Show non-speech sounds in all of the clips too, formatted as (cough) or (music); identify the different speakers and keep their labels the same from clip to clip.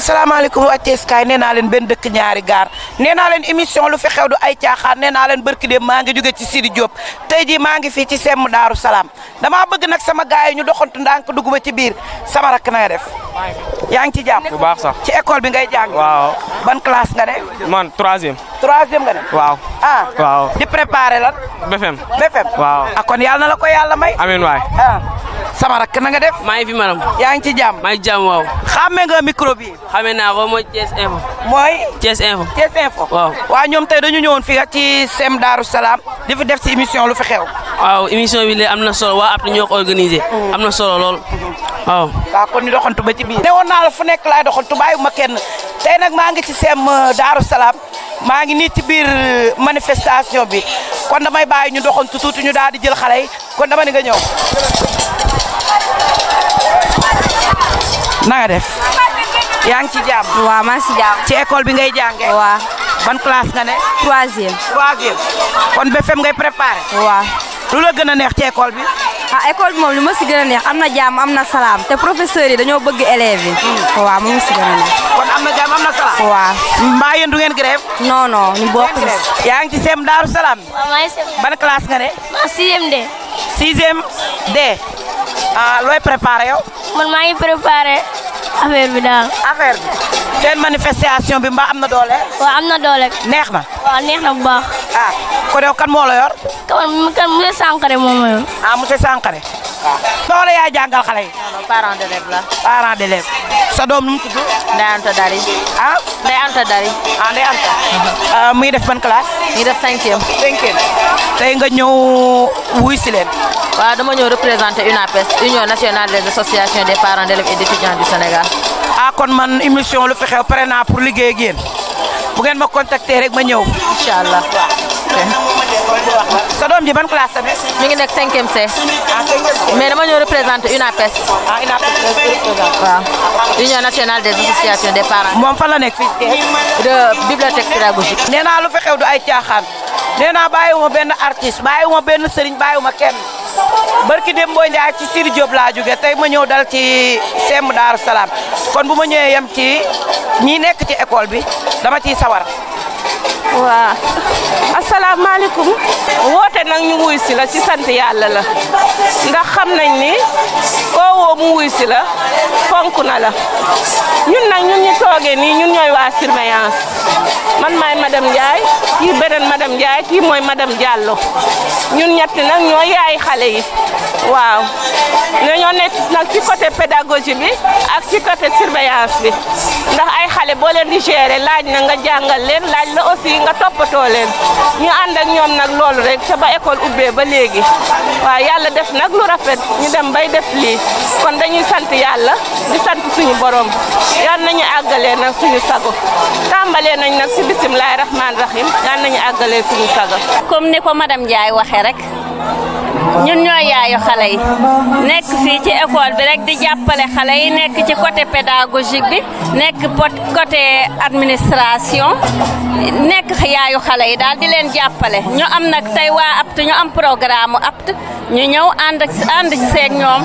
Speaker 1: salaamaaleykum waa Thiès nee naa leen benn dëkk ñaari gaar nee naa leen émission lu fi xew du ay caaxaan nee naa leen barki maa ngi jóge ci Sidi Diop tey jii maa ngi fii ci sem Daaru Salaam damaa bëgg nag sama gaay yi ñu doxantu ndànk dugg ba ci biir sama rakk na def. yang ci jàmm bu baax sax ci école bi ngay jang waaw ban classe nga ne man 3e 3e nga ne waaw ah waaw di préparer lan BFM BFM waaw ak ah, kon yalla na la ko yalla may amiin way ah sama rak na nga def may fi manam yang ci jam may jam waaw xamé nga micro bi xamé na ko mo ties Info moy ties Info ties Info waaw wa ñom tay dañu ñëwoon fi ci sem daru salam di fi def ci émission lu fi xew
Speaker 2: waaw émission bi lee amna solo wa app ñoko organiser mm-hmm. amna solo lool mm-hmm. waaw
Speaker 1: ka kon ni doxantu ba ci biir newoon naa la fu nekk laay doxal tu ma kenn tey nag maa ngi ci sem euh, Daaru Salaam maa ngi nii ci biir euh, manifestation bi kon damay bàyyi ñu doxantu tuuti ñu daal di jël xale kon dama ni nga ñëw na nga def yaa ngi ci jàmm waaw maa ngi ci jàmm ci école bi ngay jàngee waaw ban classe nga ne troisième troisième kon BFEM ngay préparé waaw lu la gën a neex ci école bi
Speaker 3: ah école bi moom li ma si gën a neex am na jàmm am na salaam te professeurs yi dañoo bëgg élèves yi.
Speaker 1: waaw moom si gën a neex. kon am na jàmm am na salaam. waaw. mbaa yéen du ngeen grève. non non ñu bokk ci. yaa ngi ci CEM Daaru Salaam. waaw maa ngi CEM. ban classe nga ne. maa sixième D. sixième D. Ah, looy préparé yow. man maa affaire bi daal. affaire bi seen manifestation bi mbaa am na doole. waaw am na doole. neex na. waaw neex na bu baax. ah ko dew kan moo la yor. kan kan monsieur Sankare moom la yor. ah monsieur Sankare. waaw loolu yaay jàngal xale yi. non non parent d'élève la. parent d'élève. sa doom mu tudd. Ndeye Anta a ah Ndeye Anta Dari. ah uh-huh. uh, mu ngi def ban classe. mu ngi def cinquième. cinquième tey nga ñëw wuy si leen. waaw
Speaker 2: dama ñëw représenter UNAPES Union nationale des associations des parents d'élèves et d'étudiants du
Speaker 1: a ah, kon man émission lu fi paré na pour liggéey ak yéen bu ngeen ma contacter rek ma ñew inshallah sa doom ji ban classe la mi
Speaker 2: ngi 5e C. mais dama ñëw représenter UNAPES. ah UNAPES
Speaker 1: waaw. Union nationale des associations des parents. mom fa la nek de bibliothèque pédagogique. néna lu fi xew du ay caaxaan. néna bayiwuma bàyyiwuma benn artiste bayiwuma benn serigne bayiwuma kenn. barki dem boy Ndiaye ci sir job la jóge tay ma ñëw dal ci sem dar salam kon bu ma ñëwee yem ci ñi nekk ci école bi dama ciy sawar. waaw asalaamaaleykum woote nag ñu wuy si la ci sant yàlla la ndax xam nañ ni koo woo mu wuy si la fonk na la ñun nag ñun ñu toogee nii ñun ñooy waa surveillance man maay madame Ndiaye kii beneen madame Ndiaye kii mooy madame Diallo ñun ñett nag ñoo yaay xale yi waaw ñoo ne nag ci côté pédagogie bi ak ci côté surveillance bi ndax ay xale boo leen di gérer laaj na nga jàngal leen laaj la aussi nga toppatoo leen ñu ànd ak ñoom nag loolu rek ca ba école ubbee ba léegi waaw yàlla def nag lu rafet ñu dem bay def lii kon dañuy sant yàlla di sant suñu borom
Speaker 2: yal nañu àggalee nag suñu sago tàmbalee nañ nag si bisimilahi rahmaani rahim yal nañu àggalee suñu sago comme ni ko madame Ndiaye waxee rek ñun ñoo yaayu xale yi nekk fii ci école bi rek di jàppale xale yi nekk ci côté pédagogique bi nekk côté administration nekk yaayu xale yi daal di leen jàppale ñu am nag tey waa apt ñu am programme apt ñu ñëw ànd ak ànd seeg ñoom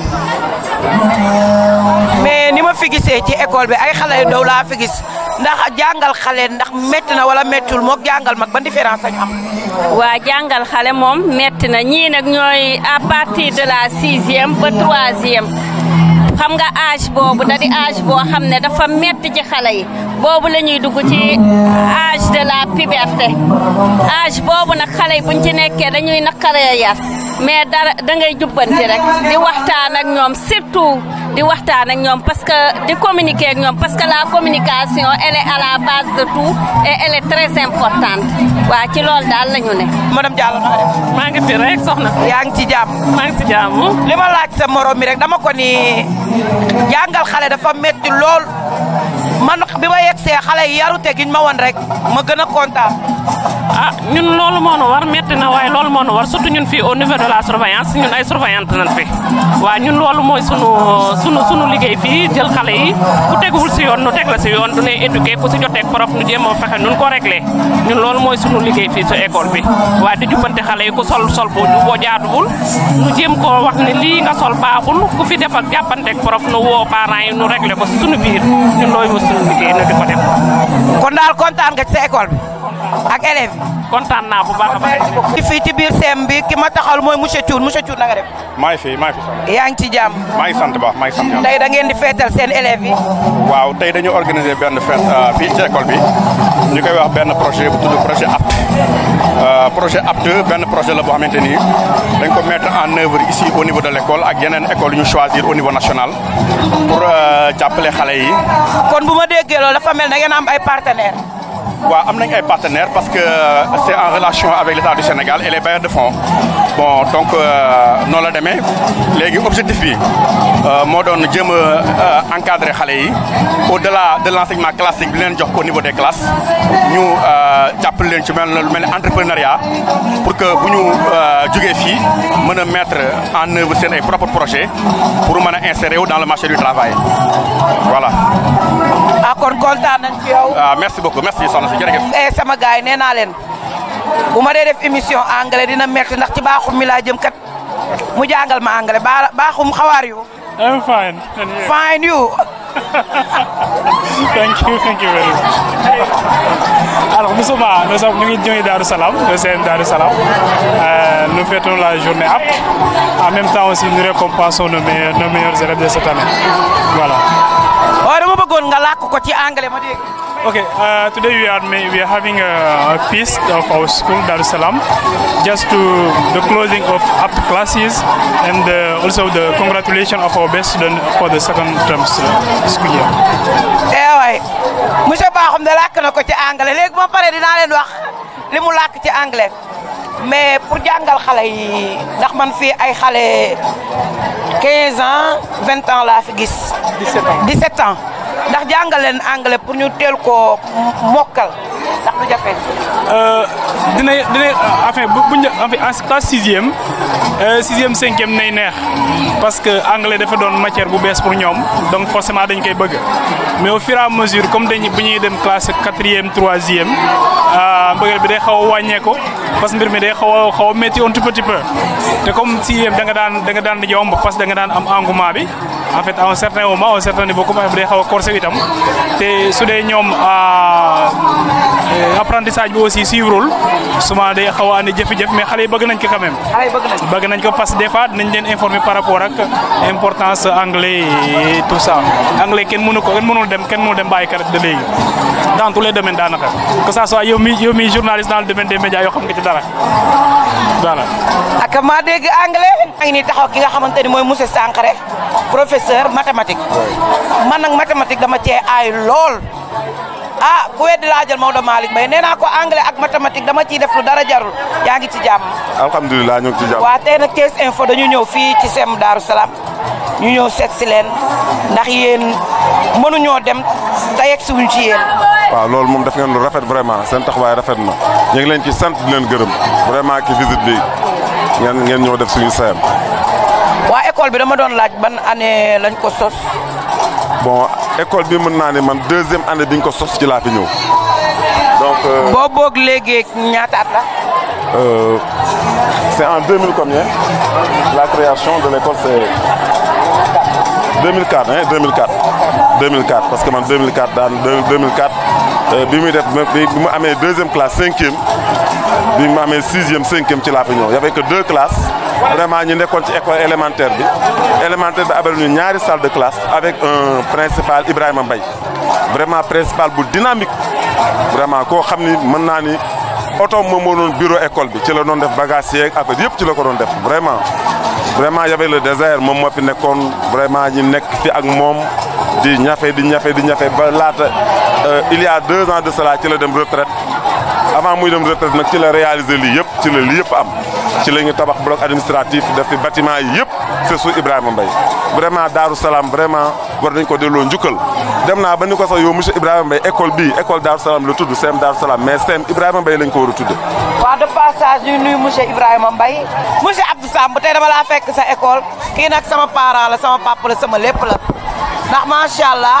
Speaker 1: mais ni ma fi gisee ci école bi ay xale yu ndaw laa fi gis ndax jàngal xale ndax métti na wala méttiwul moog jàngal mag ban
Speaker 2: différence lañ am waa jàngal xale moom métti ñii nag ñooy à partir de la sixième pour troisième xam nga âge boobu da di âge boo xam ne dafa metti ci xale yi boobu la ñuy ci âge de la puberté buñ ci dañuy mais dara da ngay jubbanti rek di waxtaan ak ñoom surtout di waxtaan ak ñoom parce que di communiquer ak ñoom parce que la communication elle est à la base de tout et elle est très importante waa ci loolu daal lañu ne.
Speaker 1: madame Diallo maa ngi def fi rek soxna. yaa ngi ci jàmm. maa ngi ci jàmm. li ma laaj sa morom mi rek dama ko ni jàngal xale dafa metti lool. man bi ma yegg see xale yi yarute giñ ma won rek ma gën a
Speaker 2: ah ñun loolu moo nu war metti na waaye loolu moo nu war surtout ñun fii au niveau de la surveillance ñun ay surveillante nañ fi waaw ñun loolu mooy sunu sunu sunu liggéey fii jël xale yi ku teguwul
Speaker 1: si yoon nu teg la si yoon du ne éduqué ku si joteeg prof nu jéem a fexe nun ko réglé ñun loolu mooy sunu liggéey fii su école bi waaw di jubbante xale yi ku sol sol boo boo jaaduwul nu jéem ko wax ne lii nga sol baaxul ku fi def ak jàppanteeg prof nu woo parents yi nu réglé ko si sunu biir ñun loolu mooy sunu liggéey nu di ko def kon daal kontaan nga sa école bi ak élève contane na bu baax ci fi ci biir sem bi ki ma taxal mooy monsieur Thioune monsieur Thioune na nga def.
Speaker 4: maa fi maa fi
Speaker 1: sant. yaa ngi ci jàmm.
Speaker 4: maa ngi sant baax maa ngi sant jàmm. tey da
Speaker 1: ngeen di feetal seen élèves yi.
Speaker 4: waaw tey dañu organiser benn fête euh, fii ci école bi ñu koy wax benn projet bu tudd projet
Speaker 5: euh,
Speaker 4: projet apte benn projet la boo xamante ni dañ ko mettre en œuvre ici au niveau de l' école ak yeneen école ñu choisir au niveau national pour euh, jàppale xale yi.
Speaker 1: kon bu ma déggee loolu dafa mel na ngeen am ay partenaires.
Speaker 4: wa un partenaire parce que euh, c'est en relation avec l'État du Sénégal et les bailleurs de fonds bon donc euh, non la les les objectif bi euh, encadrer au-delà de l'enseignement classique au niveau des classes nous appelons leen pour que nous nous mettre en œuvre nos propres projets pour nous insérer dans le marché du travail voilà.
Speaker 1: Ah, ah, merci beaucoup merci jërëjëf. Eh, sama ma émission anglais dina metti ndax ci mi jëm kat anglais I'm fine. Fine you. (laughs) thank you, thank you very much. Alors, nous sommes nous sommes,
Speaker 6: Salam, le euh, nous fêtons la journée En même temps nous récompensons nos meilleurs, nos meilleurs élèves de cette année. Voilà. (laughs) Oh, ah, okay, uh, today we are we are having a, a feast of our school Darussalam, just to the closing of up classes and uh, also the congratulation of our best student for the second term school year.
Speaker 1: Eh waay, monsieur Bakhoum de làkk na ko ci anglais ah, léegi ba pare dinale leen wax li mu làkk mais pour les xalé yi ndax man fi ay xalé 15 ans 20 ans la fi gis. 17 ans 17 ans ndax jàngal leen anglais pour ñu tel ko mokal ndax du euh
Speaker 6: dina dina enfin bu bu ñu en classe 6e 5e nay neex parce que anglais dafa la matière bu bees pour ñom donc forcément dañ koy bëgg mais au fur et à mesure comme dañuy bu ñuy 4 classe 3 e euh, mbëggeel bi day xaw a wàññeeku parce mbir mi day xaw a xaw a métti te comme si yéen da daan da daan yomb parce que da daan am engouement bi en fait à certain moment à un certain niveau comme affaire bi day xaw a corsé itam te su dee ñoom. Ah, Euh, apprentissage bi aussi suivre suivreul suma day xaw jëf jëf mais xalé bëgg nañ ko quand même. xalé bëgg nañ bëgg nañ ko parce des fois dinañ leen informer par rapport ak importance anglais et tout ça anglais ken mënu ko ken mënul dem ken mënul dem baye karat de léegi dans tous les domaines daanaka que ça soit yow mi yow mi journaliste dans le domaine des médias yo xam nga ci dara dara
Speaker 1: ak ma dégg anglais. maa ngi taxaw ki nga xamanteni moy monsieur Sankharé professeur mathématique man nag mathématique dama ci ay lol ah ku weddi la jël Malick malik nee naa ko anglais ak mathématique dama ci def lu dara jarul yaa ngi ci jamm
Speaker 7: alhamdullilah ñu ci jamm
Speaker 1: wa tey nak Thiès Info dañu ñëw fi ci sem daru salam ñu ñëw seet ci leen ndax yeen mënu ñoo dem tay ak suñu ci yeen
Speaker 7: wa lool mom def ngeen lu rafet vraiment sen taxway rafet na ñu ngi leen ci sante di leen gërëm vraiment ki visite bi ngeen ngeen ñoo def suñu sem
Speaker 1: wa école bi dama doon laaj ban année lañ ko sos
Speaker 7: bon école bi mën naa ne man deuxième année bi ko sos ci laa fi ñëw
Speaker 1: donc. Euh, boo boog léegi ñaata at la.
Speaker 7: Euh, c'est en 2000 combien la création de l'école c'est 2004 hein 2004 2004 parce que man 2004 daan 2004 euh, bi muy def bi mu amee deuxième classe cinquième bi mu amee sixième cinquième ci laa fi ñëw y avait que deux classes vraiment ñu nekkoon ci école élémentaire bi élémentaire bi abal ñu ñaari salle de classe avec un principal Ibrahima Mbaye vraiment principal bu dynamique vraiment koo xam ni mën naa ni auto moom moo doon bureau école bi ci la doon def bagage yeeg affaire yépp ci la ko doon def vraiment vraiment y avait le désert moom moo fi nekkoon vraiment ñi nekk fi ak moom di ñafe di ñafe di ñafe ba laata euh, il y a deux ans de cela ci la dem retraite avant muy dem retraite nag ci la réaliser lii yëpp ci la lii yëpp am ci lañu tabax bloc administratif def fi bâtiment yépp c'est sous Ibrahima Mbaye vraiment Daaru Salam vraiment war nañ ko delo njukkal dem naa ba ni ko sax yow monsieur Ibrahima Mbaye école bii école Daaru Salam la tudd CEM Daaru Salam mais CEM Ibrahima Mbaye lañ ko war a tudde
Speaker 1: waaw de passage ñu nuyu monsieur Ibrahima Mbaye monsieur Abdou Samb tey dama laa fekk sa école kii nag sama parent la sama papa la sama lépp la ndax macha allah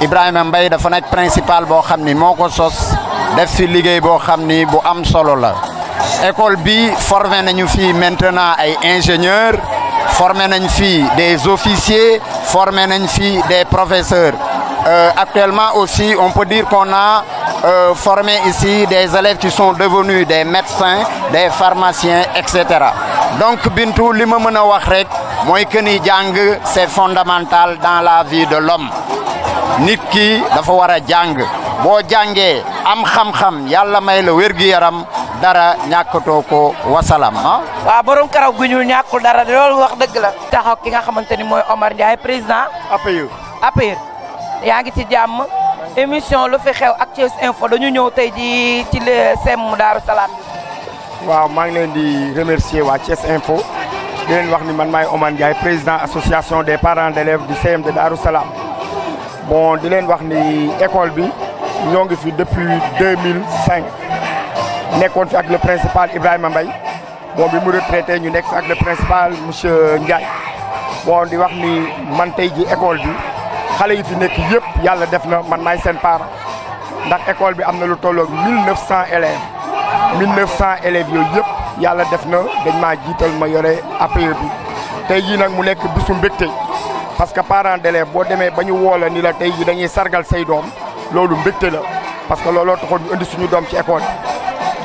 Speaker 8: Ibrahim Mbaye la fenêtre principal boo xam ni moo ko sos def fi liggéey boo xam ni bu am solo la école bi formé maintenant ay ingénieurs formé nañ des officiers formé nañ fii des professeurs euh, actuellement aussi on peut dire qu'on a euh, formé ici des élèves qui sont devenus des médecins des pharmaciens etc. donc Bintu li ma c'est fondamental dans la vie de l'homme nit ki dafa war a jàng boo jàngee am xam-xam yàlla may la wér-gu-yaram dara ñàkkatoo ko wasalaam
Speaker 1: waa ah. waaw borom karaw gu ñuul ñàkkul dara loolu wax dëgg la. taxaw ki nga xamante ni mooy Omar Ndiaye président. APR. APR yaa ngi ci jàmm émission lu fi xew ak Thiès Info dañu ñëw tey ji ci le sem Daaru Salaam.
Speaker 9: waaw maa ngi leen di remercier waa Thiès Info di leen wax ni man maay Omar Ndiaye président association des parents d'élèves du CM de Daaru Salaam. bon di leen wax ni école bi ñoo fi depuis 2005 nekkoon fi ak le principal Ibrahima Mbaye bon bi mu retraité ñu nekk ak le principal monsieur Ndiaye bon di wax ni man tey ji école bi xale yi fi nekk yépp yalla def na man maay sen parent ndax école bi amna lu tolok 1900 élèves 1900 élèves yooyu yëpp yàlla def na dañ ma jiital ma yoré APE bi tay jii nak mu nekk bisu mbégte parce que parents d'élèves bo démé bañu ñu ni la tey ji dañuy sargal say doom lolu mbégte la parce que lolu taxo ñu indi suñu doom ci école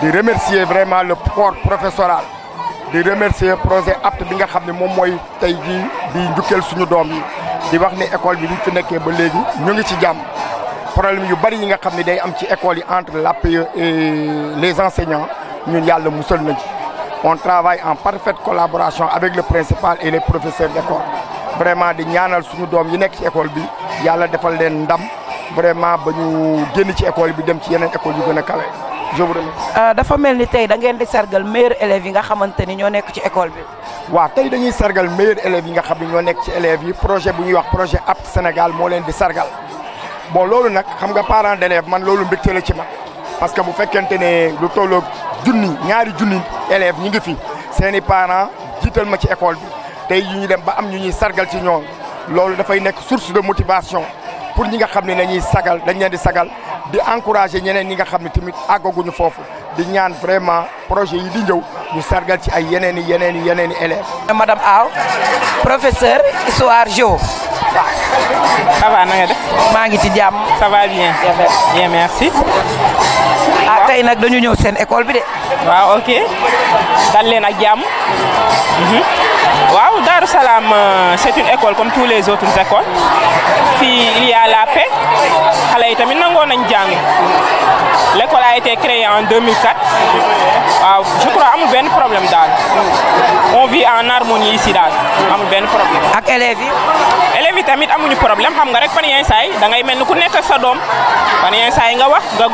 Speaker 9: di remercier vraiment le corps professoral di remercier projet apte bi nga xamné mom moy mooy tey jii di njukkeel suñu doom yi di wax ni école bi ñu fi nekkee ba légui ñu ngi ci jamm problème yu bari yi nga xamné day am ci école yi entre l'APE et les enseignants ñun yalla mussel nañ ci on travaille en parfaite collaboration avec le principal et les professeurs d'école vraiment di ñaanal suñu doom yi nekk ci école bi yàlla defal leen ndam vraiment ba ñu génn ci école bi dem ci yeneen école yu gën a kawe
Speaker 1: je vous euh, dafa mel ni tey da ngeen di sargal meilleurs élèves yi nga xamante ni ñoo nekk ci école bi.
Speaker 9: waaw tey dañuy sargal meilleurs élèves yi nga xam ne ñoo nekk ci élèves yi projet bu ñuy wax projet APT Sénégal moo leen di sargal bon loolu nag xam nga parents d'élèves man loolu mbégte la ci mag parce que bu fekkente ne lu tolloog junni ñaari junni élèves ñu ngi fi seen i parents jiital ma ci école bi. tey yu ñu dem ba am ñu ñuy sargal ci ñoom loolu dafay nekk source de motivation pour ñi nga xam ne dañuy sagal dañ leen di sagal di encourager ñeneen ñi nga xam timit tamit fofu di ñaan vraiment projet yi di ñëw ñu sargal ci ay yeneen yeneen yeneen élèves.
Speaker 1: madame Aw professeur histoire géo. ça va na nga def. ma ngi ci jàmm. ça va bien. bien merci. ah tay nak dañu ñëw sen école bi dé
Speaker 10: waaw ok dal leen ak jàmm. Mhm. waaw Darou Salam euh, c'est une école comme tous les autres écoles il y a la paix l'école a été créée en 2004 je crois a un problème on vit en harmonie ici y a un problème. A élèves il y a un problème xam nga rek a un da ngay un ku y ak sa problème. Il y nga wax nga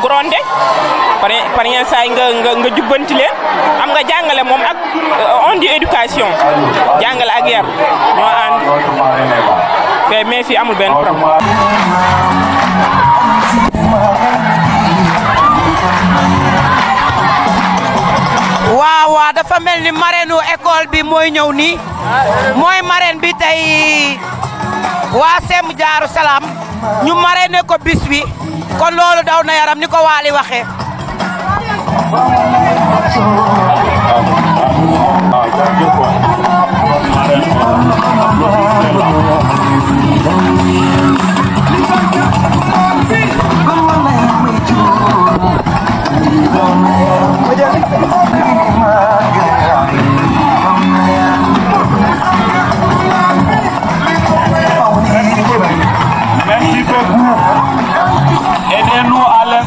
Speaker 10: a un euh, éducation Il ak yar mais mais fii amul benn problème.
Speaker 1: waaw waaw dafa mel ni marraine u école bi mooy ñëw nii mooy marraine bi tey waa Sem Jaaru Salaam ñu marraine ko bis bi kon loolu daw na yaram ni ko Waly waxee.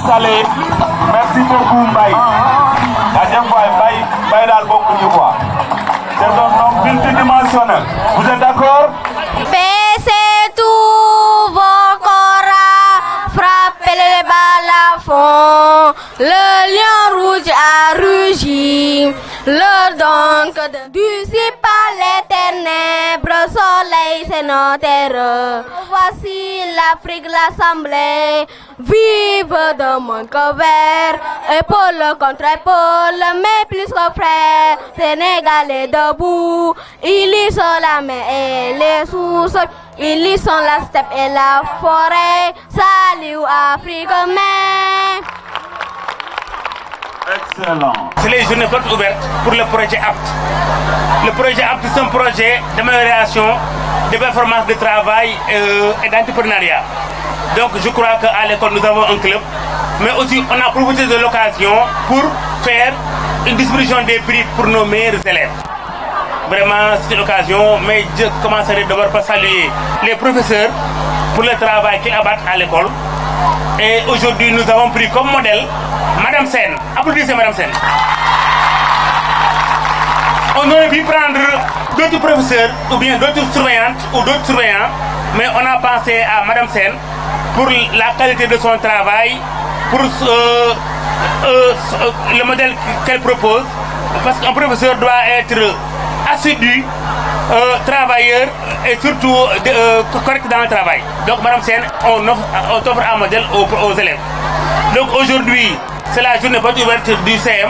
Speaker 11: Salé. Merci beaucoup, Mbaye. La dernière fois, Mbaye, Mbaye a beaucoup de voix. C'est un homme multidimensionnel. Vous êtes d'accord
Speaker 3: Pèsez tous vos corps, frappez les balafons. Le lion rouge a rugi, le donc du pas. Voici l'Afrique, l'Assemblée, vive de mon couvert. Épaule contre épaule, mais plus que frère. est debout, ils y sont la mer et les sous Ils y sont la steppe et la forêt. Salut Afrique, mais...
Speaker 12: Excellent. C'est les journées portes ouvertes pour le projet APT. Le projet APT, c'est un projet de réaction performance de travail euh, et d'entrepreneuriat. Donc je crois qu'à l'école, nous avons un club, mais aussi on a profité de l'occasion pour faire une distribution des prix pour nos meilleurs élèves. Vraiment, c'est une occasion, mais je commencerai d'abord par saluer les professeurs pour le travail qu'ils abattent à l'école. Et aujourd'hui, nous avons pris comme modèle Madame Sen. Applaudissez Madame Sen on aurait pu prendre d'autres professeurs ou bien d'autres surveillantes ou d'autres surveillants, mais on a pensé à Madame Sen pour la qualité de son travail, pour euh, euh, euh, le modèle qu'elle propose, parce qu'un professeur doit être assidu, travailleur et surtout correct dans le travail. Donc Madame Sen, on, offre, un modèle aux, aux élèves. Donc aujourd'hui, c'est la journée ouverte du CM.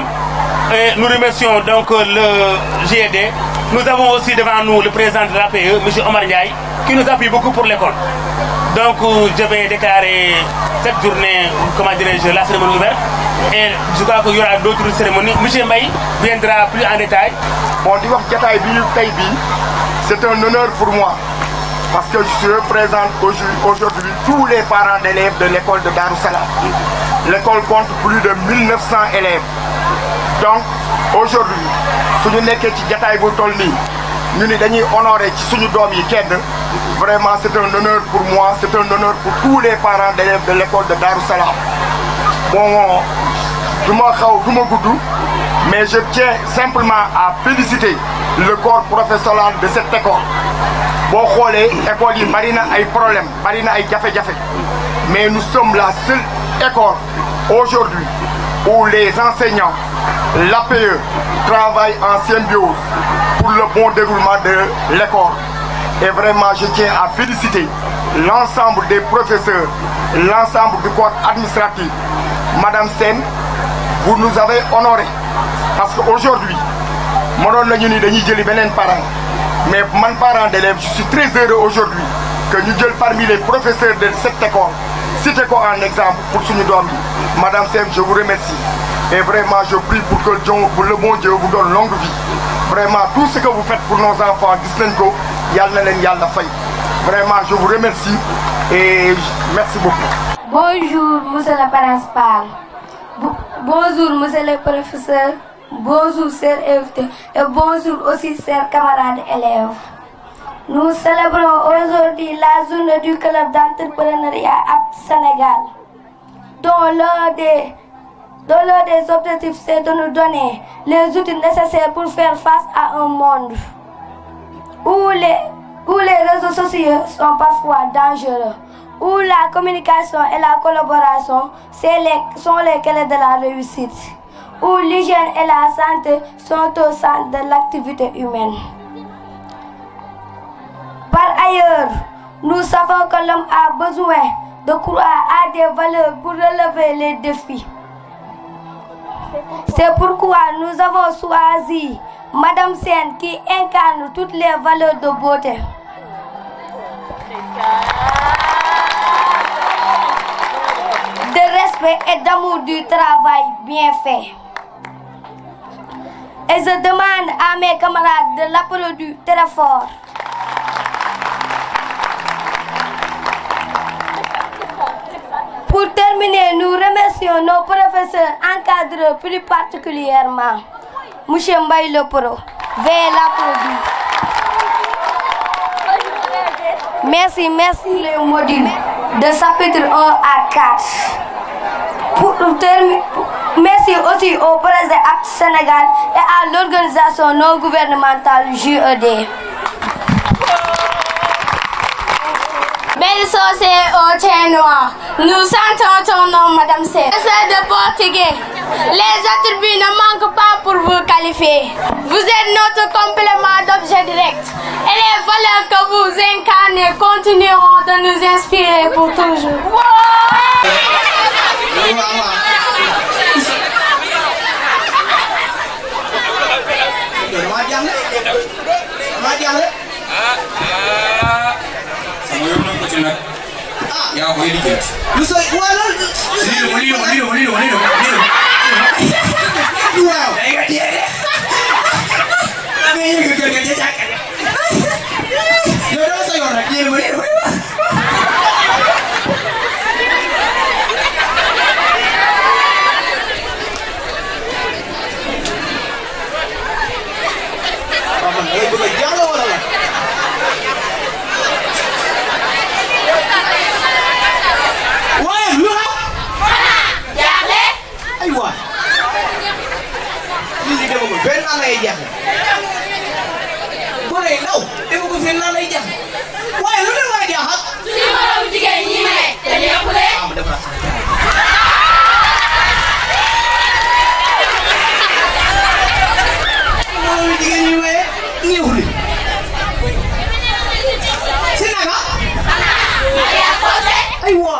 Speaker 12: Et nous remercions donc euh, le GED. Nous avons aussi devant nous le président de l'APE, M. Omar Ndiaye, qui nous appuie beaucoup pour l'école. Donc euh, je vais déclarer cette journée, comment dirais-je, la cérémonie ouverte. Et je crois qu'il y aura d'autres cérémonies. M. Mbaye viendra plus en détail. Bon, c'est un honneur pour moi parce que je
Speaker 9: représente aujourd'hui tous les parents d'élèves de l'école de Darussalam. L'école compte plus de 1900 élèves. Donc aujourd'hui si nous sommes ci bu nous nous dañuy vraiment c'est un honneur pour moi c'est un honneur pour tous les parents d'élèves de l'école de Darussalam bon je m'en xaw du mais je tiens simplement à féliciter le corps professoral de cette école. Bon les école Marina a problème Marina ay mais nous sommes la seule école aujourd'hui où les enseignants l'APE travaillent en symbiose pour le bon déroulement de l'école et vraiment je tiens à féliciter l'ensemble des professeurs l'ensemble du corps administratif Madame Sen vous nous avez honorés parce qu'aujourd'hui ben mais mon parent d'élève je suis très heureux aujourd'hui que nous parmi les professeurs de cette école école un un exemple pour suñu doom yi madame Sem, je vous remercie et vraiment je prie pour que le monde vous donne longue vie vraiment tout ce que vous faites pour nos enfants vraiment je vous remercie et merci beaucoup.
Speaker 3: Bonjour, Monsieur le Bonjour, monsieur le professeur. Bonjour, chers invités. Et bonjour aussi, chers camarades élèves. Nous célébrons aujourd'hui la journée du club d'entrepreneuriat à Sénégal, dont l'un des, des objectifs, c'est de nous donner les outils nécessaires pour faire face à un monde où les, où les réseaux sociaux sont parfois dangereux où la communication et la collaboration sont les clés de la réussite, où l'hygiène et la santé sont au centre de l'activité humaine. Par ailleurs, nous savons que l'homme a besoin de croire à des valeurs pour relever les défis. C'est pourquoi nous avons choisi Madame Sen qui incarne toutes les valeurs de beauté. et d'amour du travail bien fait. Et je demande à mes camarades de l'applaudir très fort. Pour terminer, nous remercions nos professeurs encadreurs plus particulièrement. Monsieur Mbaye Pro, veuillez l'applaudir. Merci, merci Le module de chapitre 1 à 4 pour aussi au Président Act Sénégal et à l'organisation non gouvernementale JED. Belle et au Chinois. nous sentons ton nom, Madame C. de portugais, les attributs ne manquent pas pour vous qualifier. Vous êtes notre complément d'objet direct et les valeurs que vous incarnez continueront de nous inspirer pour toujours.
Speaker 13: Y'all You
Speaker 5: say, well, let's... Lead
Speaker 13: him, him, him, him, him, him. You out. I mean, you're get good, good, don't say all that. him, lead him, him. quoi lii di demagul benn lan lay jeex
Speaker 1: bu lay ndaw đâu fenn lan lay jeex waaye lu ne waay thế,
Speaker 3: suñu moromu jigéen ñi ne dañuy yàqule. ah mu defaraat sama jaay.
Speaker 5: moromu jigéen ñi waaye ñeexule. si naka. aywa.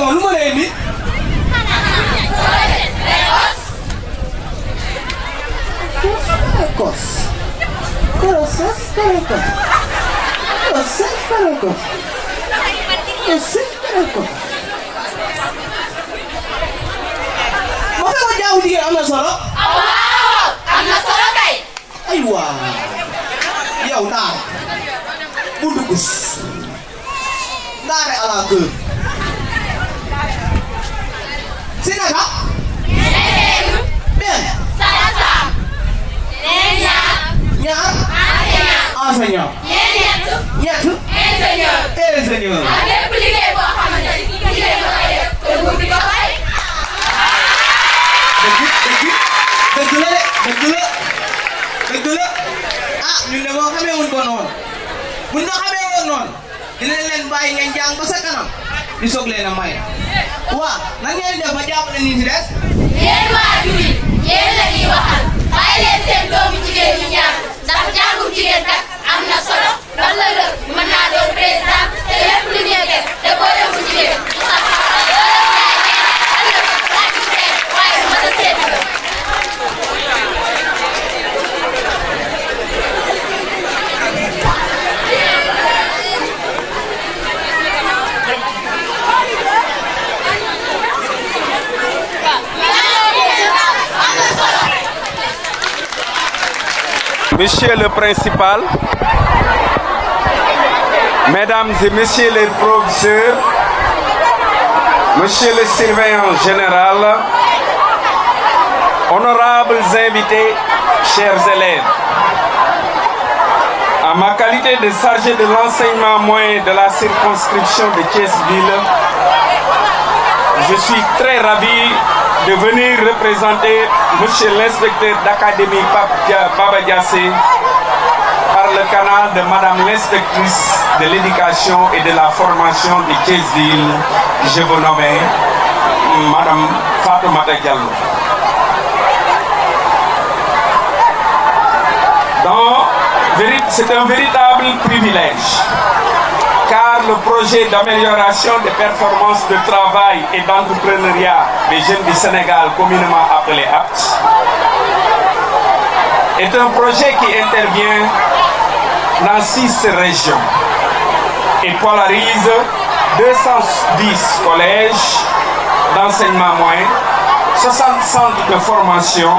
Speaker 13: non lu ma lay indi
Speaker 5: Karakos Karosas Karakos Karosas Karakos Karosas Karakos
Speaker 3: ma fekkoon jaamu jigéen am na solo
Speaker 5: waaw am na solo kay aywa yow naar bu ndugus naare ala kër Xin hỏi thóc Biển Sa sảm Nên nhạc Nhạc A à, sa nhạc Nhạc thức En sa nhạc En sa nhạc Ada peliknya buat kamu jadi peliknya buat saya. Tunggu tiga kali.
Speaker 13: Dekik, dekik, dekule, dekule, dekule. Ah, nunda mo kami un konon. Bunda kami un konon.
Speaker 1: Dinalan ba yung yang jang basa kanon? ñu soog leen a maye. waaw nan ngeen def ba jàppale ni si des. yéen waa Juli la ñuy waxal bàyyi leen seen doomu
Speaker 5: jigéen ñi ñaar ndax jàngum jigéen kat am na solo lan la lër mën naa doon président te lépp lu ñuy def te boo dem bu jigéen mu sax loolu laay ñaan ëllëg laaj bu waaye bu mën a seetlu
Speaker 10: Monsieur le principal, Mesdames et Messieurs les professeurs, Monsieur le surveillant général, honorables invités, chers élèves, à ma qualité de chargé de l'enseignement moyen de la circonscription de Thièsville, je suis très ravi de venir représenter M. l'inspecteur d'académie Baba par le canal de Madame l'inspectrice de l'éducation et de la formation de Kézile, je vous nomme Madame Fatou Diallo. C'est un véritable privilège car le projet d'amélioration des performances de travail et d'entrepreneuriat des jeunes du Sénégal, communément appelé APT, est un projet qui intervient dans six régions et polarise 210 collèges d'enseignement moyen, 60 centres de formation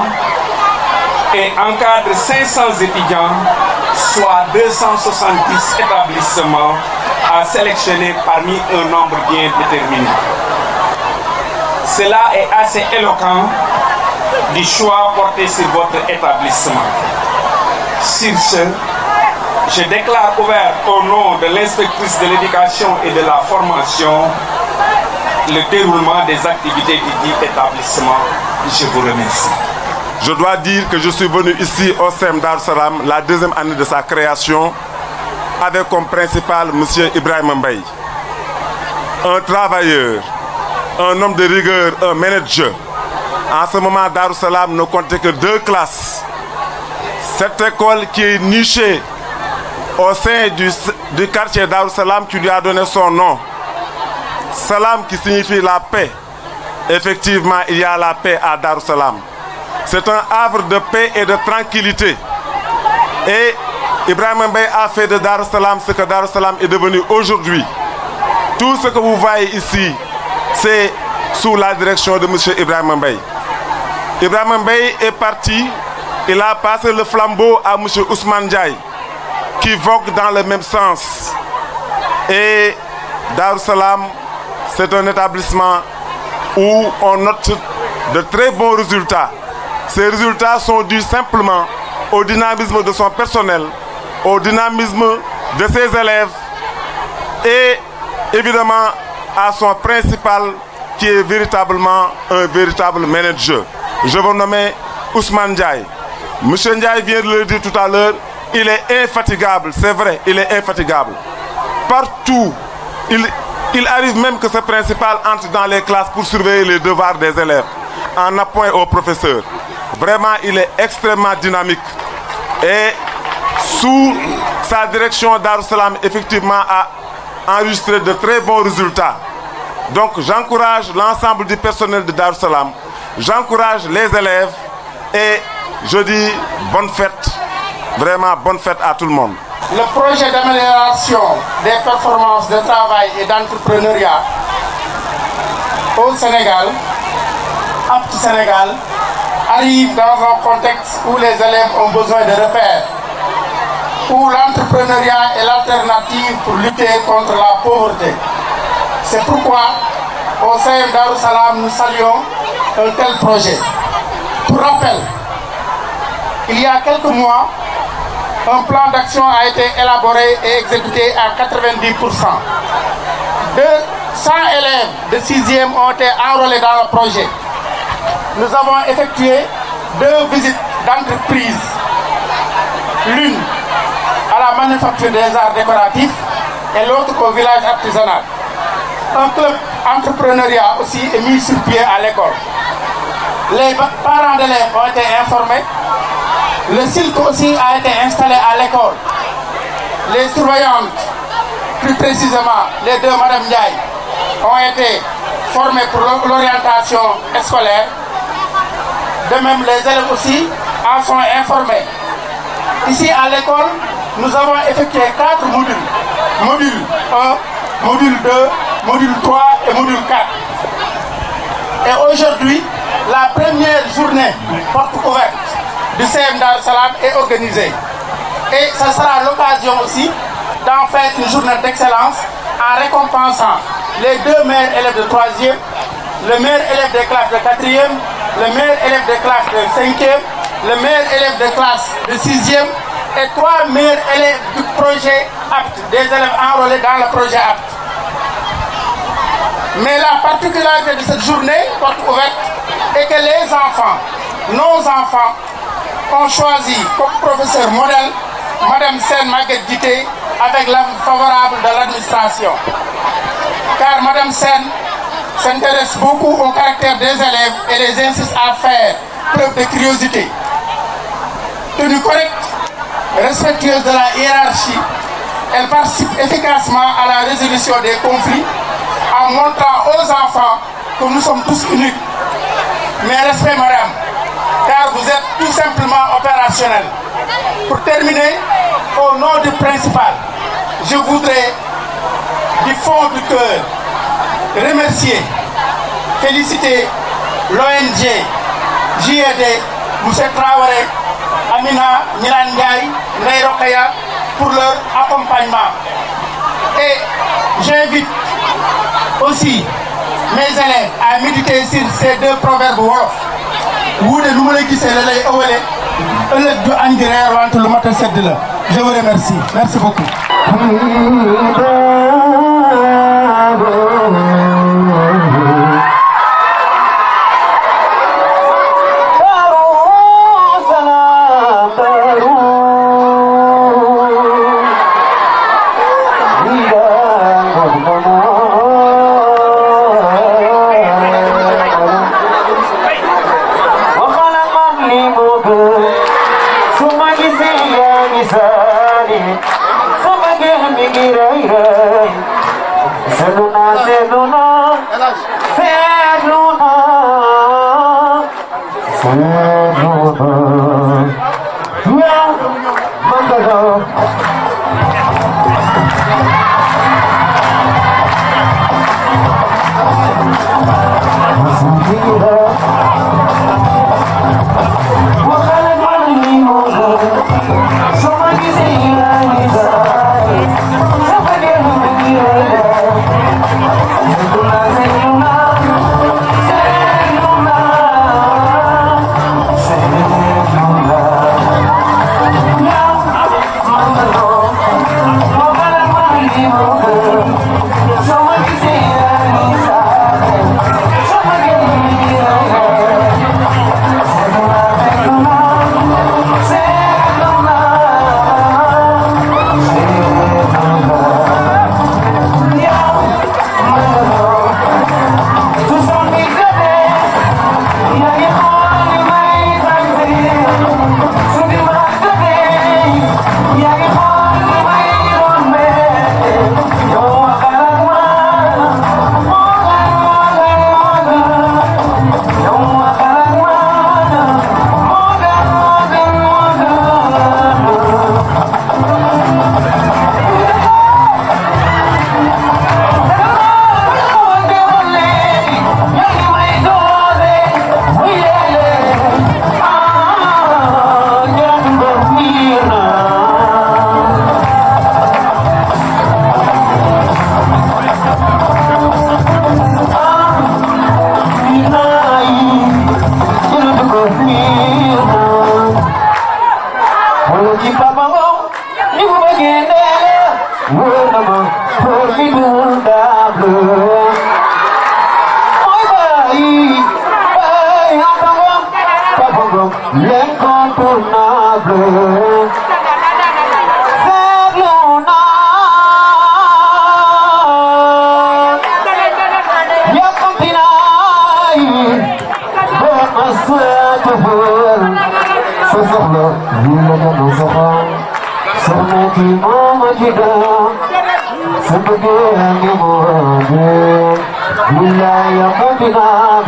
Speaker 10: et encadre 500 étudiants, soit 270 établissements à sélectionner parmi un nombre bien déterminé. Cela est assez éloquent du choix porté sur votre établissement. Sur ce, je déclare ouvert au nom de l'inspectrice de l'éducation et de la formation le déroulement des activités du dit établissement.
Speaker 7: Je vous remercie. Je dois dire que je suis venu ici au SEM d'Arsalam, la deuxième année de sa création, avec comme principal M. Ibrahim Mbaye. Un travailleur, un homme de rigueur, un manager. En ce moment, Darussalam ne comptait que deux classes. Cette école qui est nichée au sein du, du quartier Darussalam qui lui a donné son nom. Salam qui signifie la paix. Effectivement, il y a la paix à Darussalam. C'est un havre de paix et de tranquillité. Et Ibrahim Mbaye a fait de Dar Salam ce que Dar est devenu aujourd'hui. Tout ce que vous voyez ici, c'est sous la direction de M. Ibrahim Mbaye. Ibrahim Mbaye est parti, il a passé le flambeau à M. Ousmane jai qui vogue dans le même sens. Et Dar Salaam, c'est un établissement où on note de très bons résultats. Ces résultats sont dus simplement au dynamisme de son personnel, au dynamisme de ses élèves et évidemment à son principal qui est véritablement un véritable manager. Je vais nommer Ousmane Ndiaye. Monsieur Ndiaye vient de le dire tout à l'heure, il est infatigable, c'est vrai, il est infatigable. Partout, il, arrive même que ce principal entre dans les classes pour surveiller les devoirs des élèves, en appoint aux professeurs. Vraiment, il est extrêmement dynamique. Et sous sa direction, Darussalam effectivement a enregistré de très bons résultats. Donc j'encourage l'ensemble du personnel de Darussalam, j'encourage les élèves et je dis bonne fête, vraiment bonne fête à tout le monde.
Speaker 4: Le projet d'amélioration des performances de travail et d'entrepreneuriat au Sénégal, au Sénégal, arrive dans un contexte où les élèves ont besoin de repères où l'entrepreneuriat est l'alternative pour lutter contre la pauvreté. C'est pourquoi, au sein d'Arusalam nous saluons un tel projet. Pour rappel, il y a quelques mois, un plan d'action a été élaboré et exécuté à 90%. 200 100 élèves de 6e ont été enrôlés dans le projet. Nous avons effectué deux visites d'entreprise. L'une la manufacture des arts décoratifs et l'autre au village artisanal. Un club entrepreneuriat aussi est mis sur pied à l'école. Les parents d'élèves ont été informés. Le cirque aussi a été installé à l'école. Les surveillantes, plus précisément les deux Madame Ndiaye, ont été formées pour l'orientation scolaire. De même, les élèves aussi en sont informés. Ici à l'école, nous avons effectué quatre modules. Module 1, module 2, module 3 et module 4. Et aujourd'hui, la première journée porte ouverte du CM Salam est organisée. Et ce sera l'occasion aussi d'en faire une journée d'excellence en récompensant les deux meilleurs élèves de troisième, e le meilleur élève de classe de quatrième, e le meilleur élève de classe de 5e, le meilleur élève de classe de sixième. e et trois meilleurs élèves du projet APT, des élèves enrôlés dans le projet APT. Mais la particularité de cette journée, porte ouverte, est que les enfants, nos enfants, ont choisi comme professeur modèle Madame Sen Maguette Dité avec l'avis favorable de l'administration. Car Madame Sen s'intéresse beaucoup au caractère des élèves et les insiste à faire preuve de curiosité. Tenue correcte respectueuse de la hiérarchie, elle participe efficacement à la résolution des conflits en montrant aux enfants que nous sommes tous unis. Mais respect, madame, car vous êtes tout simplement opérationnel. Pour terminer, au nom du principal, je voudrais du fond du cœur remercier, féliciter l'ONG, JED, M. Traoré, Amina Niran Ndiaye, pour leur accompagnement. Et j'invite aussi mes élèves à méditer sur ces deux proverbes Wolof. Je vous remercie. Merci beaucoup.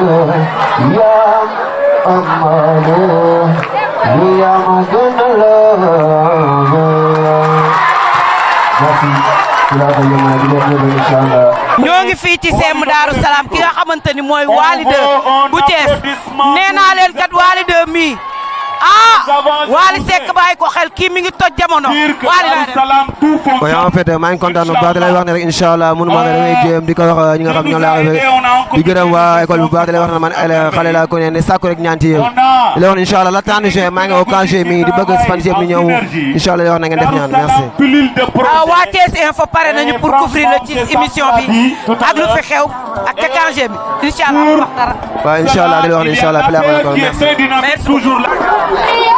Speaker 5: الله
Speaker 1: ñoo ngi fii ci sem Daaru ki nga xamante ni mooy Wally bu Thiès nee naa leen kat Wally 2 ah Wally Seck bàyyi ko xel kii mi ngi toj jamono. Wally laa
Speaker 14: def waaye en fait maa ngi kontaan bu baax di lay wax ne rek incha allah mënu maa damay jéem di ko wax ñi nga xam ñoom laa rafet di gërëm waa école bu baax di lay wax ne man xale laa ko ne ne sàkku rek ñaan ci yéen di la wax ne incha allah la tànn juin maa ngi au camp juin mi di bëgg fan yëpp ni ñëw incha allah di wax na ngeen def ñaan merci.
Speaker 1: waa TS Info pare nañu pour couvrir la ci émission bi ak lu fi xew ak ca camp juin bi incha allah wax dara.
Speaker 14: waaw incha allah di la wax ne incha allah fi laa ko
Speaker 1: nekkoon merci.
Speaker 5: Yeah.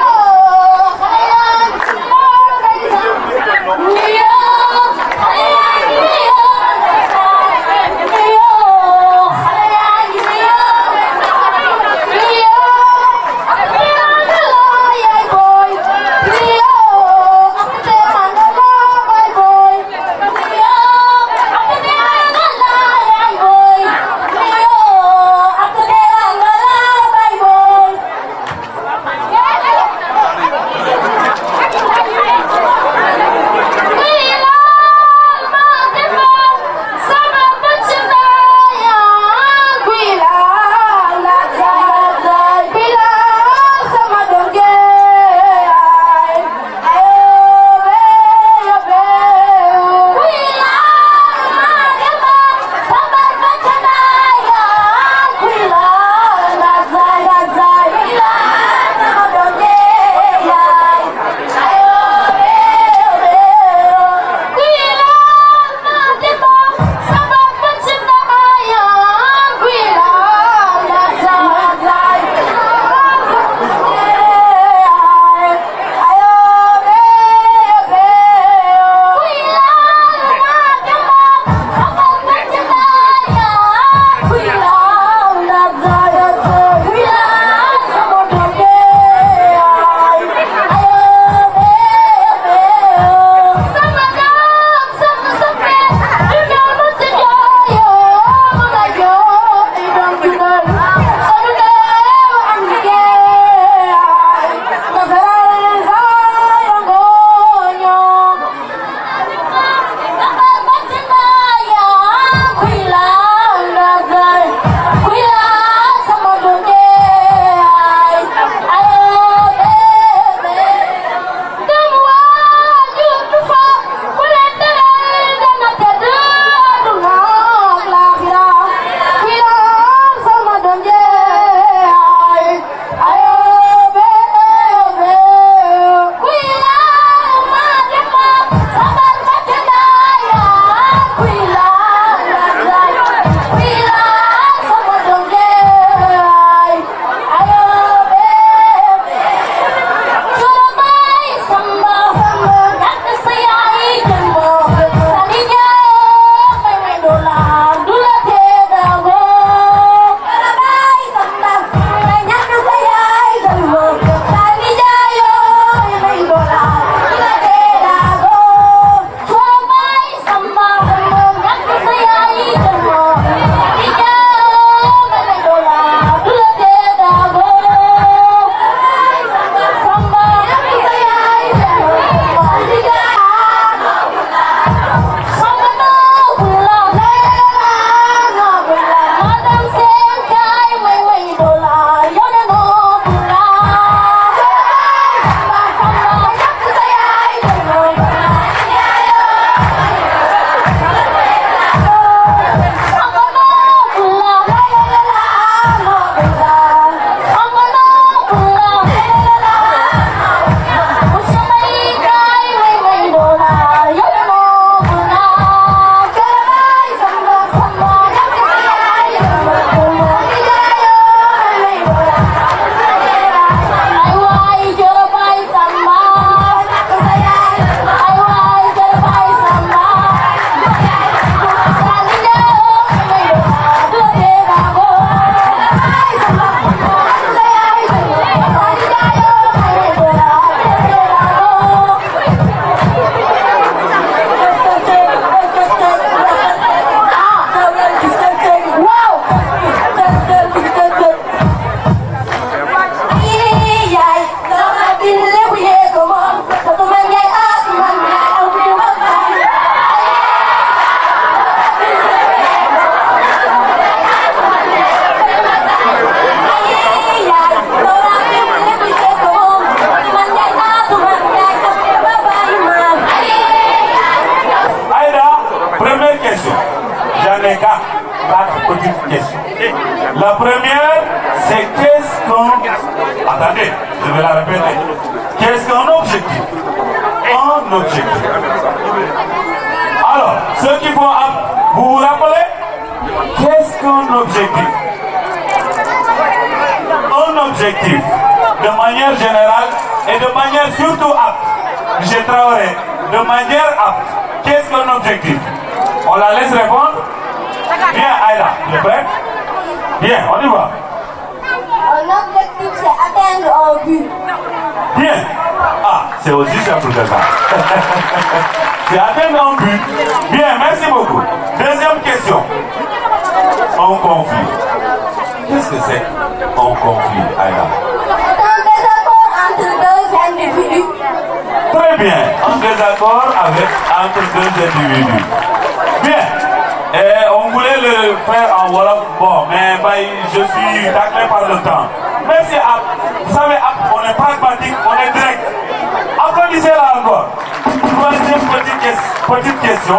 Speaker 11: Petite question.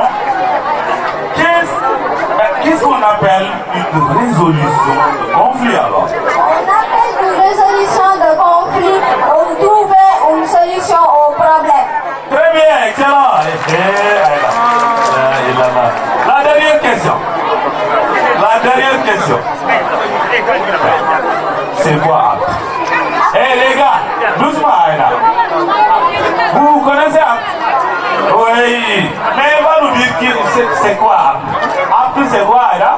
Speaker 11: Ben, qu'est-ce qu'on appelle une résolution de conflit alors On
Speaker 3: appelle une résolution de conflit pour trouver une solution au problème.
Speaker 11: Très bien, excellent. Eh, eh, eh, La dernière question. La dernière question. C'est quoi c'est quoi plus c'est quoi là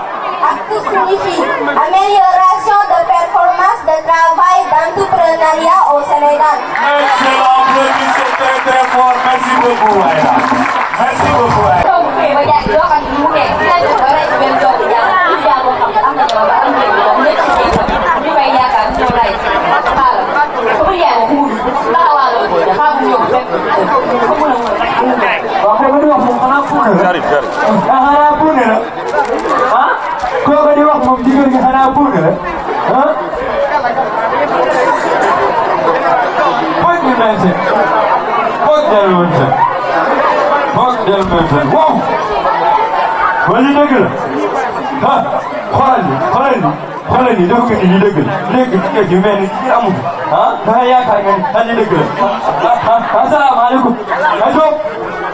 Speaker 3: signifie amélioration de performance de travail d'entrepreneuriat au Sénégal. Excellent,
Speaker 11: très fort. Merci beaucoup Merci
Speaker 3: beaucoup
Speaker 5: Waxee wax moom xanaa puuna la. Garib garib. ah xanaa puuna
Speaker 13: la. ah kooku di wax moom jigéen ñi xanaa puuna la ah.
Speaker 11: Boog ñu wow. wala
Speaker 13: dëgg la ah xoolal li xoolal li xoolal li dafa gën ñu dëgg la léegi ñu ngi mel ni ñu amul ah dafa yaakaar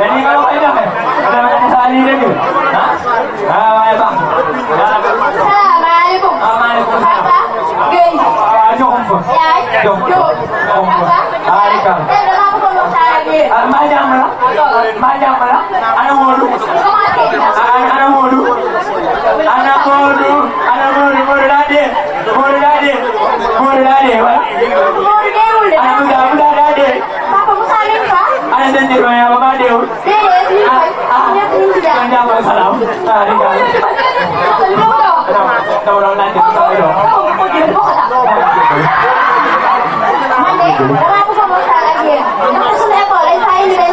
Speaker 13: dañuy nga wax ay damay damay dañu saa lii dégg ah waaw waaye baax na salaamaaleykum maaleykum
Speaker 5: salaam Guèye waaw joxum ko
Speaker 13: joxum ko joxum ko waaw rikal maa jàmm la maa jàmm la ana Modou ana Modou ana Modou ana Modou Modou daa dee Modou daa dee Modou daa dee wala ana Modou aja nih banyak apa dia panjang masalah ah, hari kan iya. ulang nanti kita ulang
Speaker 5: Mande, aku sama lagi. Kamu sudah boleh saya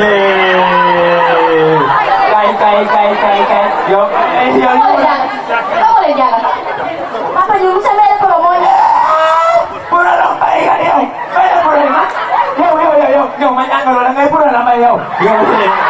Speaker 13: cây cây cây cây cây Yok. Kamu
Speaker 5: boleh jalan. Apa jurusan saya kalau mau? Pura lampai kan yo. Saya boleh mas. Yo
Speaker 13: yo yo yo. Yo, mañana lo harán ahí pura lampai yo. Yo boleh.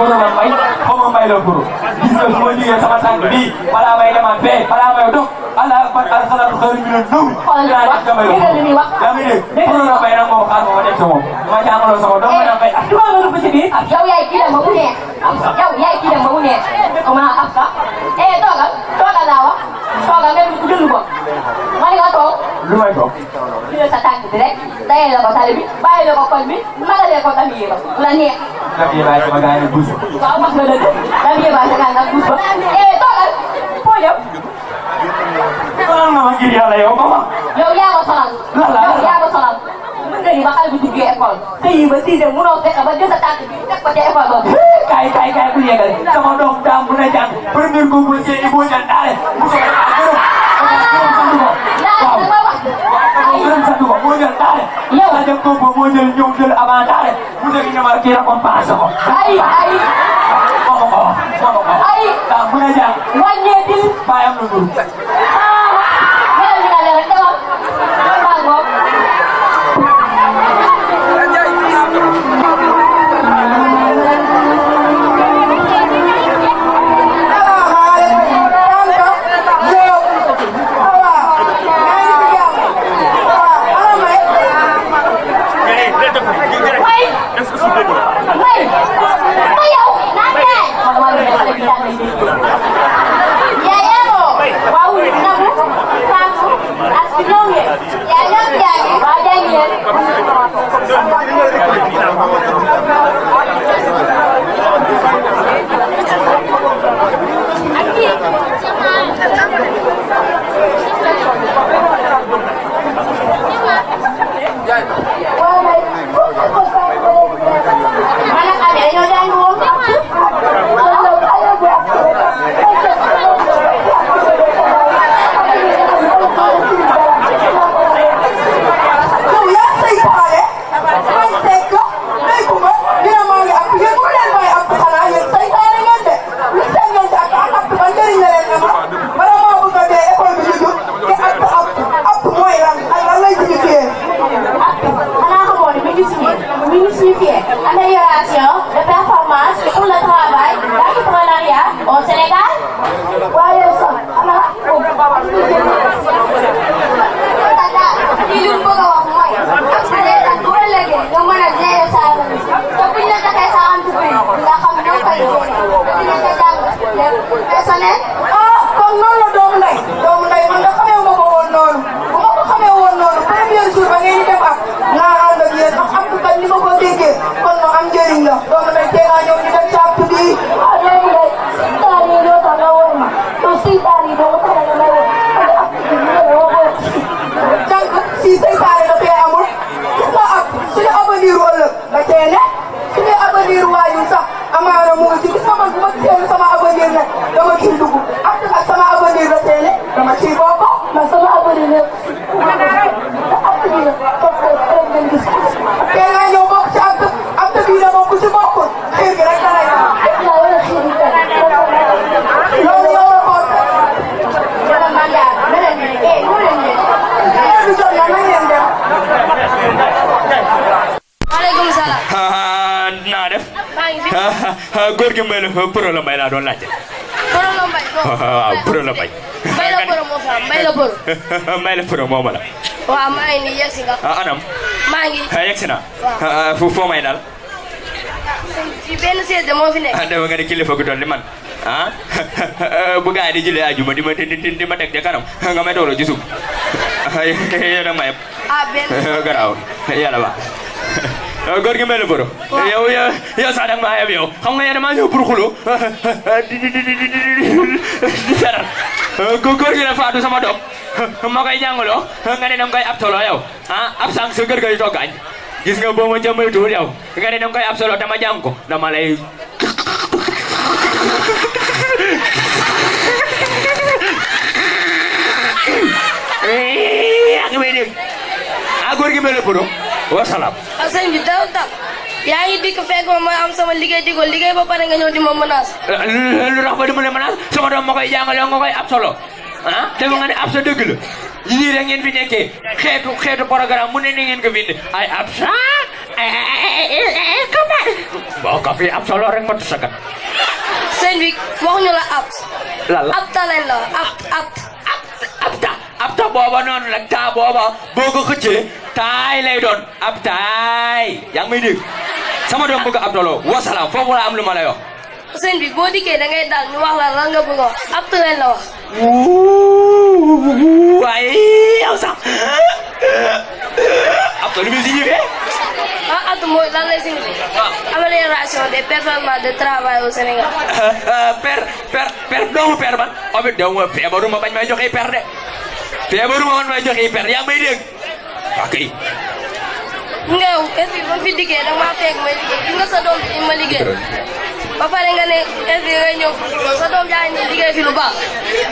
Speaker 13: ko doon may xaw ma may la goro gis nga su ma liggéey sama tànk bii balaa may demaat fee balaa may dox allah akbar alxalaatu xayru mina nawm. xoolal li wax dëgg la li wax yaa ngi dégg pour nga may nag moom xaar ma ma nekk ci moom ma jàngaloon sama doom ma nag may. du ma la dugg ci biir. yow yaay kii dem ba mu neex yow yaay kii dem ba mu neex ma ab
Speaker 2: sax eh toogal toogal laa wax toogal nga dund ko ma ne nga toog.
Speaker 5: lu may toog.
Speaker 13: jël
Speaker 2: sa tànk bi rek dayee la ko tali bi bàyyi la ko koñ bi magalee ko tamit yéen a la neex.
Speaker 13: Nabiye Baye sama gars yi buus ba. waaw wax nga dëgg Nabiye Baye sa gars yi nag buus
Speaker 2: ba eh toogal foo jëm.
Speaker 13: sonal na ma ngir yàlla yow ba ma. yow yaa ko sonal. yow yaa ko sonal. mën nga ni ba xale bu duggee école. te yi ba sixième munoo fexe ba jël sa tànk bi teg ko ca école boobu. kaay kaay kaay bu yeggale sama doom daam bu na jàng premier concours c'est Ibou Diagne daale bu soobee
Speaker 5: ak gërëm.
Speaker 13: mojel tare yalla dem ko bo tare mu ini ñu ma ki récompense ko
Speaker 5: ay ay ay ay ay tak
Speaker 13: ay ay ay ay
Speaker 5: ay
Speaker 13: may la a moom la.
Speaker 3: waaw maa ngi nii yegsi nga. ah Anam. maa ngi. ah
Speaker 13: yegsi na. waaw fu foo may daal.
Speaker 3: ci benn séedéer moo fi nekk.
Speaker 13: ah dama nga ne kilifa gu toll ni man ah bu gaa yi di jëlee ajuma di ma di di ma teg ca kanam nga may doolo ci suuf yow nag ma yëpp. ah benn garaaw yàlla ba. góor gi may la photo. yow yow yow sax nag maa yëpp yow xam nga yéen a maa ñëw pour xuloo di di di di di di Eh, gugur kira fa aduh sama dok mau kayak nyangol dok oh. nggak ada kayak abdul oh, ya, ah ab sang sugar kayak dok jis nggak bawa macam itu kan? dulu ya, nggak ada nang kayak abdol dama oh, jangko dama lay
Speaker 5: Eh, aku
Speaker 13: ini. Aku lagi beli dong. Wassalam.
Speaker 3: Asal kita untuk yaa bi dikk fego ma am sama liggéey digol ko ba pare nga ñëw di ma menace.
Speaker 13: lu rax ba di ma le menace sama doom ma jangal jàngale nga koy ab solo ah te nga ni ab sa dëgg la lii rek ngeen fi nekké xeetu xeetu programme mu ne ni ngeen ko bind ay ab sa ba ko fi ab solo rek ma tusakat.
Speaker 3: seen wi wax ñu la ab. lan la ab talent la ab ab ab
Speaker 13: ab ta. ab ta booba noonu la taa booba boo ko xëccee taay lay doon ab taay yaa ngi may dégg sama doom bëgg ab daloo wasalaam foofu laa am lu ma la wax
Speaker 3: sen bi di dikkee da ngay daal ñu wax la lan nga bëgg ab tëral la wax
Speaker 13: waay yow
Speaker 3: ah lay amélioration des performances de travail au Sénégal
Speaker 13: per per per per bañ may joxe per de man may joxe per ya may ok
Speaker 3: nga e ma ba pare nga ne invité nga ñëw sa doom yaa ngi liggéey fi lu baax.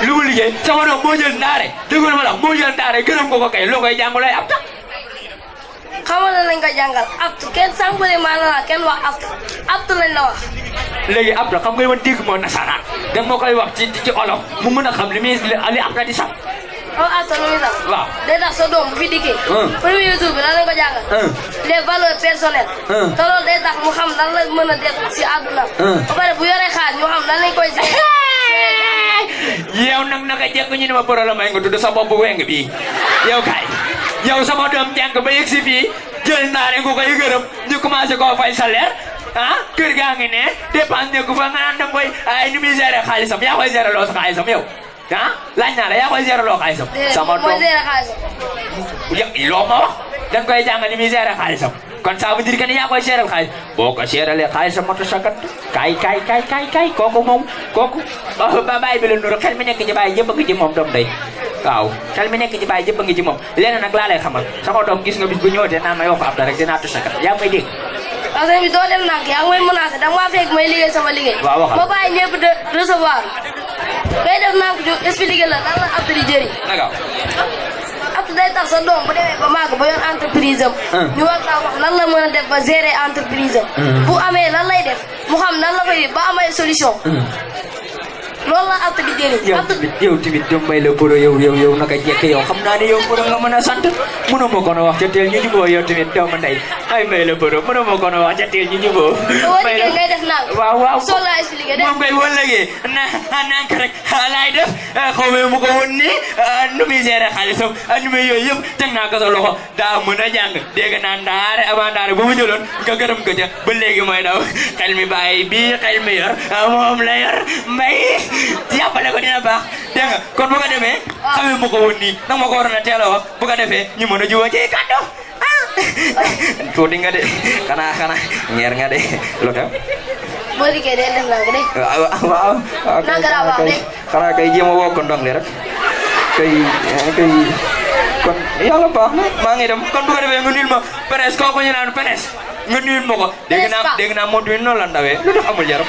Speaker 13: lu mu liggéey sama doom boo jël ndaare dégg nga ma la boo jël ndaare gërëm ko ko kay loo koy jàngalee ab.
Speaker 3: xamal la lañ ko jàngal apt kenn la kenn wax apt na lañ la wax.
Speaker 13: léegi apt xam nga man moo nasaraan daf ma koy wax ci olof mu mën a xam li muy li apt di sax.
Speaker 3: Oh astronomisme. waaw dina sa doom fi dikkee. premier jour bi nan lañ ko jàngal. les valeurs personnelles. te si àdduna. ba pare bu yoree xaar ñu xam lan lañ koy si.
Speaker 13: yow nag naka jekk ñu ne ma problème ay ya oke, sa bopp weng bi yow kay yow sama doom jàng ba yegg si fii jël naa rek nga koy gërëm salaire ah kër gaa depannya ne dépense nekk fa nga naan ya nga koy ay ni ha lanyala yakhwezerelo khalisam ilomao dankoyejanga nimisere khalisam kon sabudirikani yakhweserel khalis boko serele khalisam moto sakat kay kay kay kay kay koku mom koku babay bi la nur xel mi nekk ci baay jëpp ngi ci mom dom day waaw xel mi nekk ci baay jëpp ngi ci mom leneen nag laa lay xamal sama doom gis nga bis bu ñëwatee naan ma yoo ko ab rek dinaa tu sakat yaa may dégg
Speaker 3: parce que bi ada dem Yang yaa ngi Dan menacé dama fekk sama liggéey waaw waxal ma bàyyi ñëpp ngay def nànk ju expliqué la la Abdou di jëriñ. Abdou day tax sa doom bu demee ba màgg ba yor entreprise ñu wax lan la mën a def ba gérer entreprise am. bu amee lan lay def mu xam lan la koy loolu la alt bi
Speaker 13: jëlee. yow tamit yow tamit ñoom may la Poro yow yow yow naka jekk yow xam naa ne yow Poro nga mën a sant mënoo ma ko na wax ca la Poro mënoo ma ko na wax la ngay
Speaker 3: def naan. waaw waaw soo laa expliqué def moom kay wallagee
Speaker 13: na nank rek laay def eh, xaw ma mu ko woon nii eh, nu muy gérer xaalisam eh, nu muy yooyu yëpp teg naa ko sa loxo daa mën a jàng dégg naa ndaare ndaare bu mu jëloon nga gërëm ko ba léegi mooy daw xel mi bàyyi bii xel mi yor moom la yor mbay siapa pala ko apa bax deng kon bu kami deme xamé nang mau woni nak mako warna télo bu ko defé ñu mëna juwa ci kaddo Coding karena karena nyer nggak deh, lo kan?
Speaker 3: Mau kayak deh, nggak nggak deh. Wow, Nang nggak apa
Speaker 13: Karena kayak gini mau kondang deh, kayak kayak kon, ya lo pak, mang itu kon bukan deh yang mah, peres kok punya nana peres, ngunil mah kok, dengan dengan mau duit nolan tapi, lu udah kamu jarum.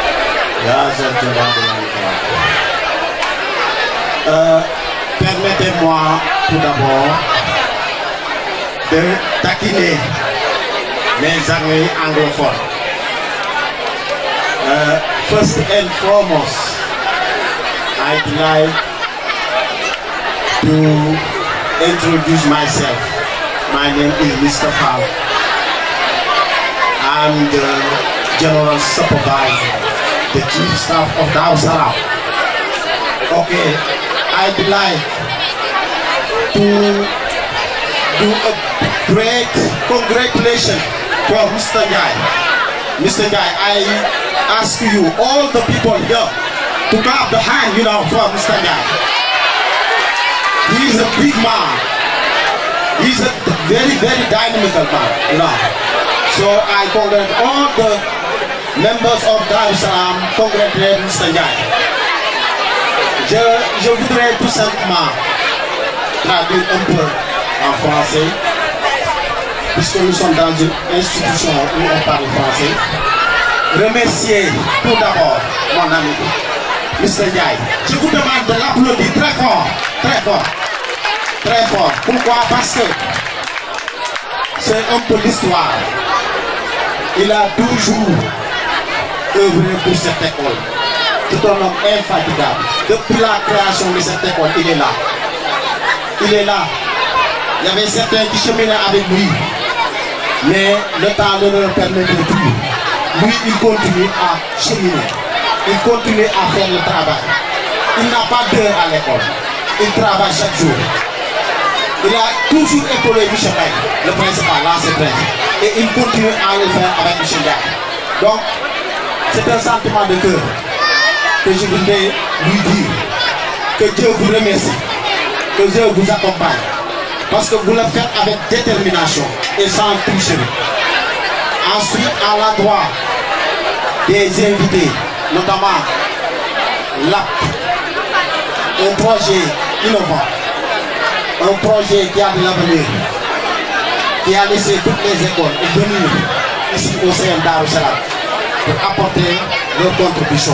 Speaker 14: Permettez-moi tout d'abord de taquiner les amis anglophones. Uh, first and foremost, I'd like to introduce myself. My name is Mr. Fowler. I'm the General Supervisor the chief staff of the Okay, I'd like to do a great congratulation for Mr. Guy. Mr. Guy, I ask you, all the people here, to clap the hand, you know, for Mr. Guy. He's a big man. He's a very, very dynamical man, you know. So I congratulate all the members of Darou Salam, Mr. Je, je voudrais tout simplement traduire un peu en français, puisque nous sommes dans une institution où on parle français. Remercier tout d'abord mon ami, Mr. Ndiaye. Je vous demande de l'applaudir très fort, très fort, très fort. Pourquoi Parce que c'est un peu l'histoire. Il a toujours pour cette école. C'est un homme infatigable. Depuis la création de cette école, il est là. Il est là. Il y avait certains qui cheminaient avec lui. Mais le temps ne leur permettait plus. Lui, il continue à cheminer. Il continue à faire le travail. Il n'a pas d'heure à l'école. Il travaille chaque jour. Il a toujours épaulé du chemin, le principal, là c'est Et il continue à le faire avec Michel Donc, c'est un sentiment de cœur que je voudrais lui dire. Que Dieu vous remercie. Que Dieu vous accompagne. Parce que vous le faites avec détermination et sans toucher. Ensuite, à l'endroit des invités, notamment l'AP, un projet innovant, un projet qui a de l'avenir, qui a laissé toutes les écoles venir ici au sein d'Arussalam pour apporter leur contribution.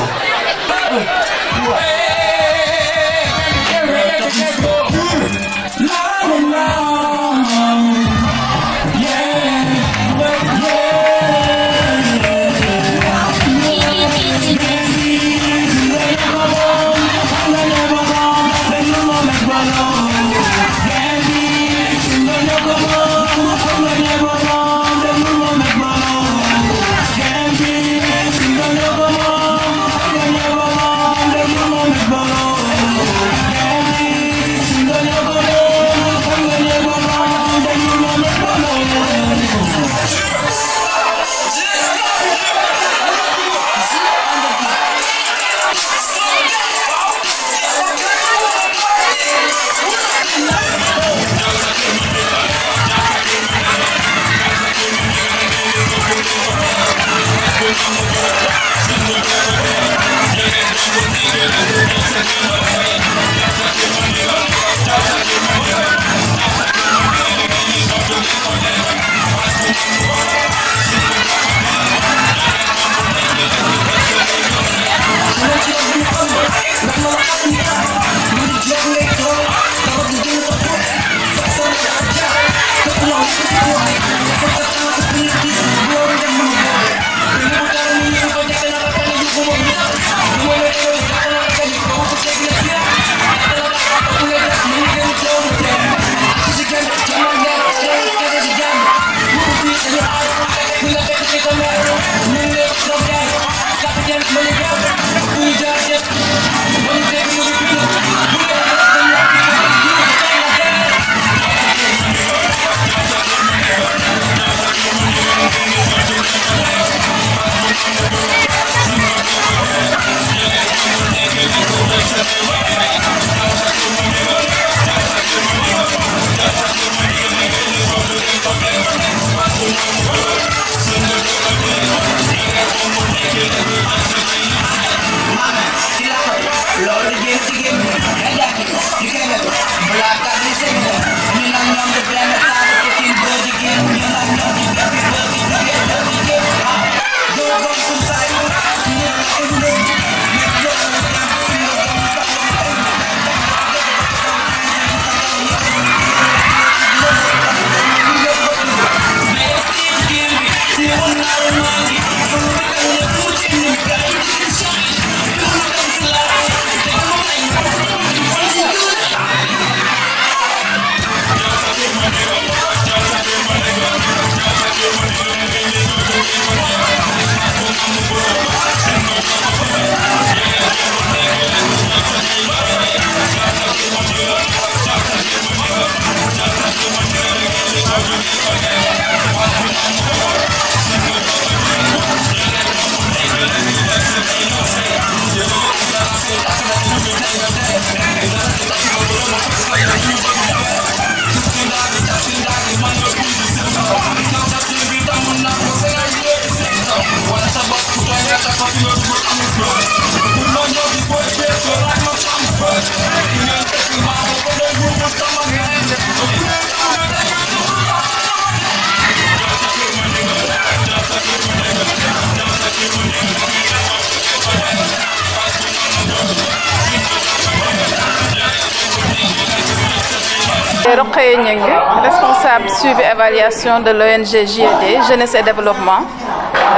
Speaker 15: Rokhaya Gningue responsable suivi évaluation de l'ONG JED Jeunesse et Développement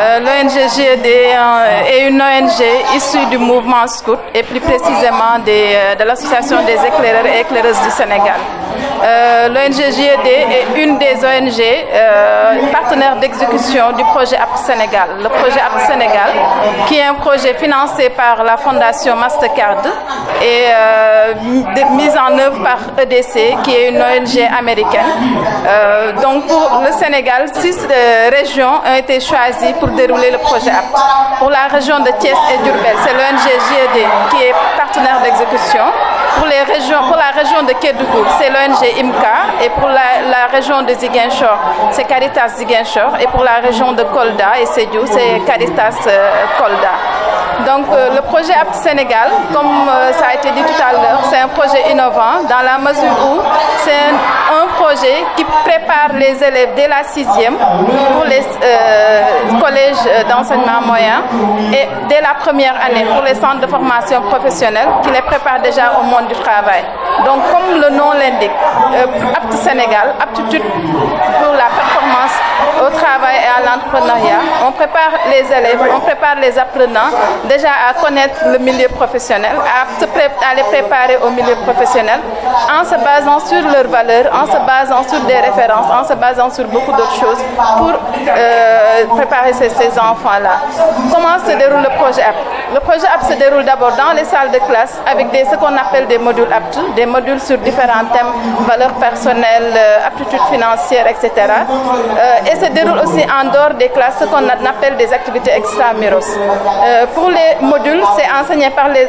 Speaker 15: euh, l'ONG JED euh, est une ONG issue du mouvement scout et plus précisément euh, de l'association des éclaireurs et éclaireuses du Sénégal euh, L'ONG JED est une des ONG euh, partenaires d'exécution du projet Ap Sénégal. Le projet Ap Sénégal, qui est un projet financé par la fondation Mastercard et euh, mis en œuvre par EDC, qui est une ONG américaine. donc pour le Sénégal, six régions ont été choisies pour dérouler le projet APT Pour la région de Thiès et d'Urbel, c'est l'ONG JED qui est partenaire d'exécution. Pour, les régions, pour la région de Kédougou, c'est l'ONG et pour la, région de Ziguinchor, c'est Caritas Ziguinchor et pour la région de Kolda et Sédiou, c'est Caritas euh, Kolda. Donc euh, le projet Apt Sénégal, comme euh, ça a été dit tout à l'heure, c'est un projet innovant dans la mesure où c'est un projet qui prépare les élèves dès la sixième pour les euh, collèges euh, d'enseignement moyen et dès la première année pour les centres de formation professionnelle qui les prépare déjà au monde du travail. Donc comme le nom l'indique, euh, Apt Sénégal, aptitude pour la performance au travail et à l'entrepreneuriat, on prépare les élèves, on prépare les apprenants déjà à connaître le milieu professionnel, à, à les préparer au milieu professionnel en se basant sur leurs valeurs, en se basant sur des références, en se basant sur beaucoup d'autres choses pour euh, préparer ces, enfants-là. Comment se déroule le projet app Le projet app se déroule d'abord dans les salles de classe avec des, ce qu'on appelle des modules APT, des modules sur différents thèmes, valeurs personnelles, euh, aptitudes financières, etc. Euh, et se déroule aussi en dehors des classes, ce qu'on appelle des activités extramuros. Euh, pour les modules, c'est enseigné par les,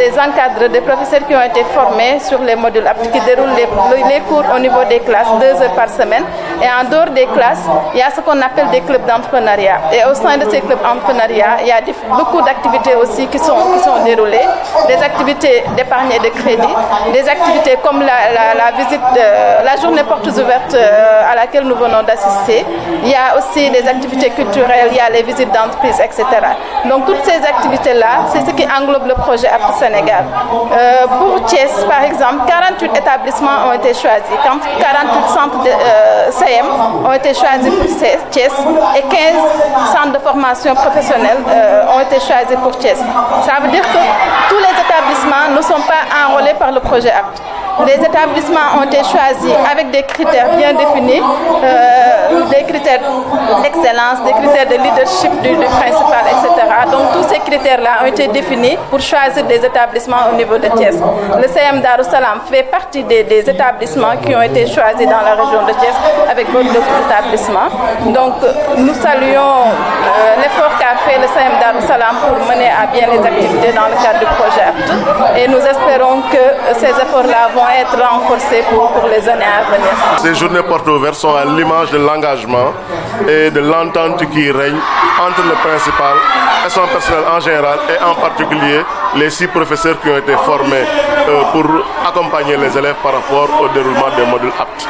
Speaker 15: des, encadres, des professeurs qui ont été formés sur les modules APT, qui déroulent les, les cours au niveau niveau des classes, deux heures par semaine. Et en dehors des classes, il y a ce qu'on appelle des clubs d'entrepreneuriat. Et au sein de ces clubs d'entrepreneuriat, il y a beaucoup d'activités aussi qui sont, qui sont déroulées. Des activités d'épargne et de crédit, des activités comme la, visite la journée portes ouvertes euh, à laquelle nous venons d'assister. Il y a aussi des activités culturelles, il y a les visites d'entreprises, etc. Donc toutes ces activités-là, c'est ce qui englobe le projet Après Sénégal. Euh, pour Thiès, par exemple, 48 établissements ont été choisis. Quand 48 centres de euh, CM ont été choisis pour Thiès et 15 centres de formation professionnelle euh, ont été choisis pour Thiès. Ça veut dire que tous les établissements ne sont pas enrôlés par le projet ACT les établissements ont été choisis avec des critères bien définis, euh, des critères d'excellence, des critères de leadership du, principal, etc. Donc tous ces critères-là ont été définis pour choisir des établissements au niveau de Thiès. Le CM Salam fait partie des, établissements qui ont été choisis dans la région de Thiès avec beaucoup établissements. Donc nous saluons euh, l'effort qu'a fait le CM Salam pour mener à bien les activités dans le cadre du projet. Et nous espérons que ces efforts-là vont être renforcée pour, les années à venir.
Speaker 7: Ces journées portes ouvertes sont à l'image de l'engagement et de l'entente qui règne entre le principal et son personnel en général et en particulier les six professeurs qui ont été formés euh, pour accompagner les élèves par rapport au déroulement des modules aptes.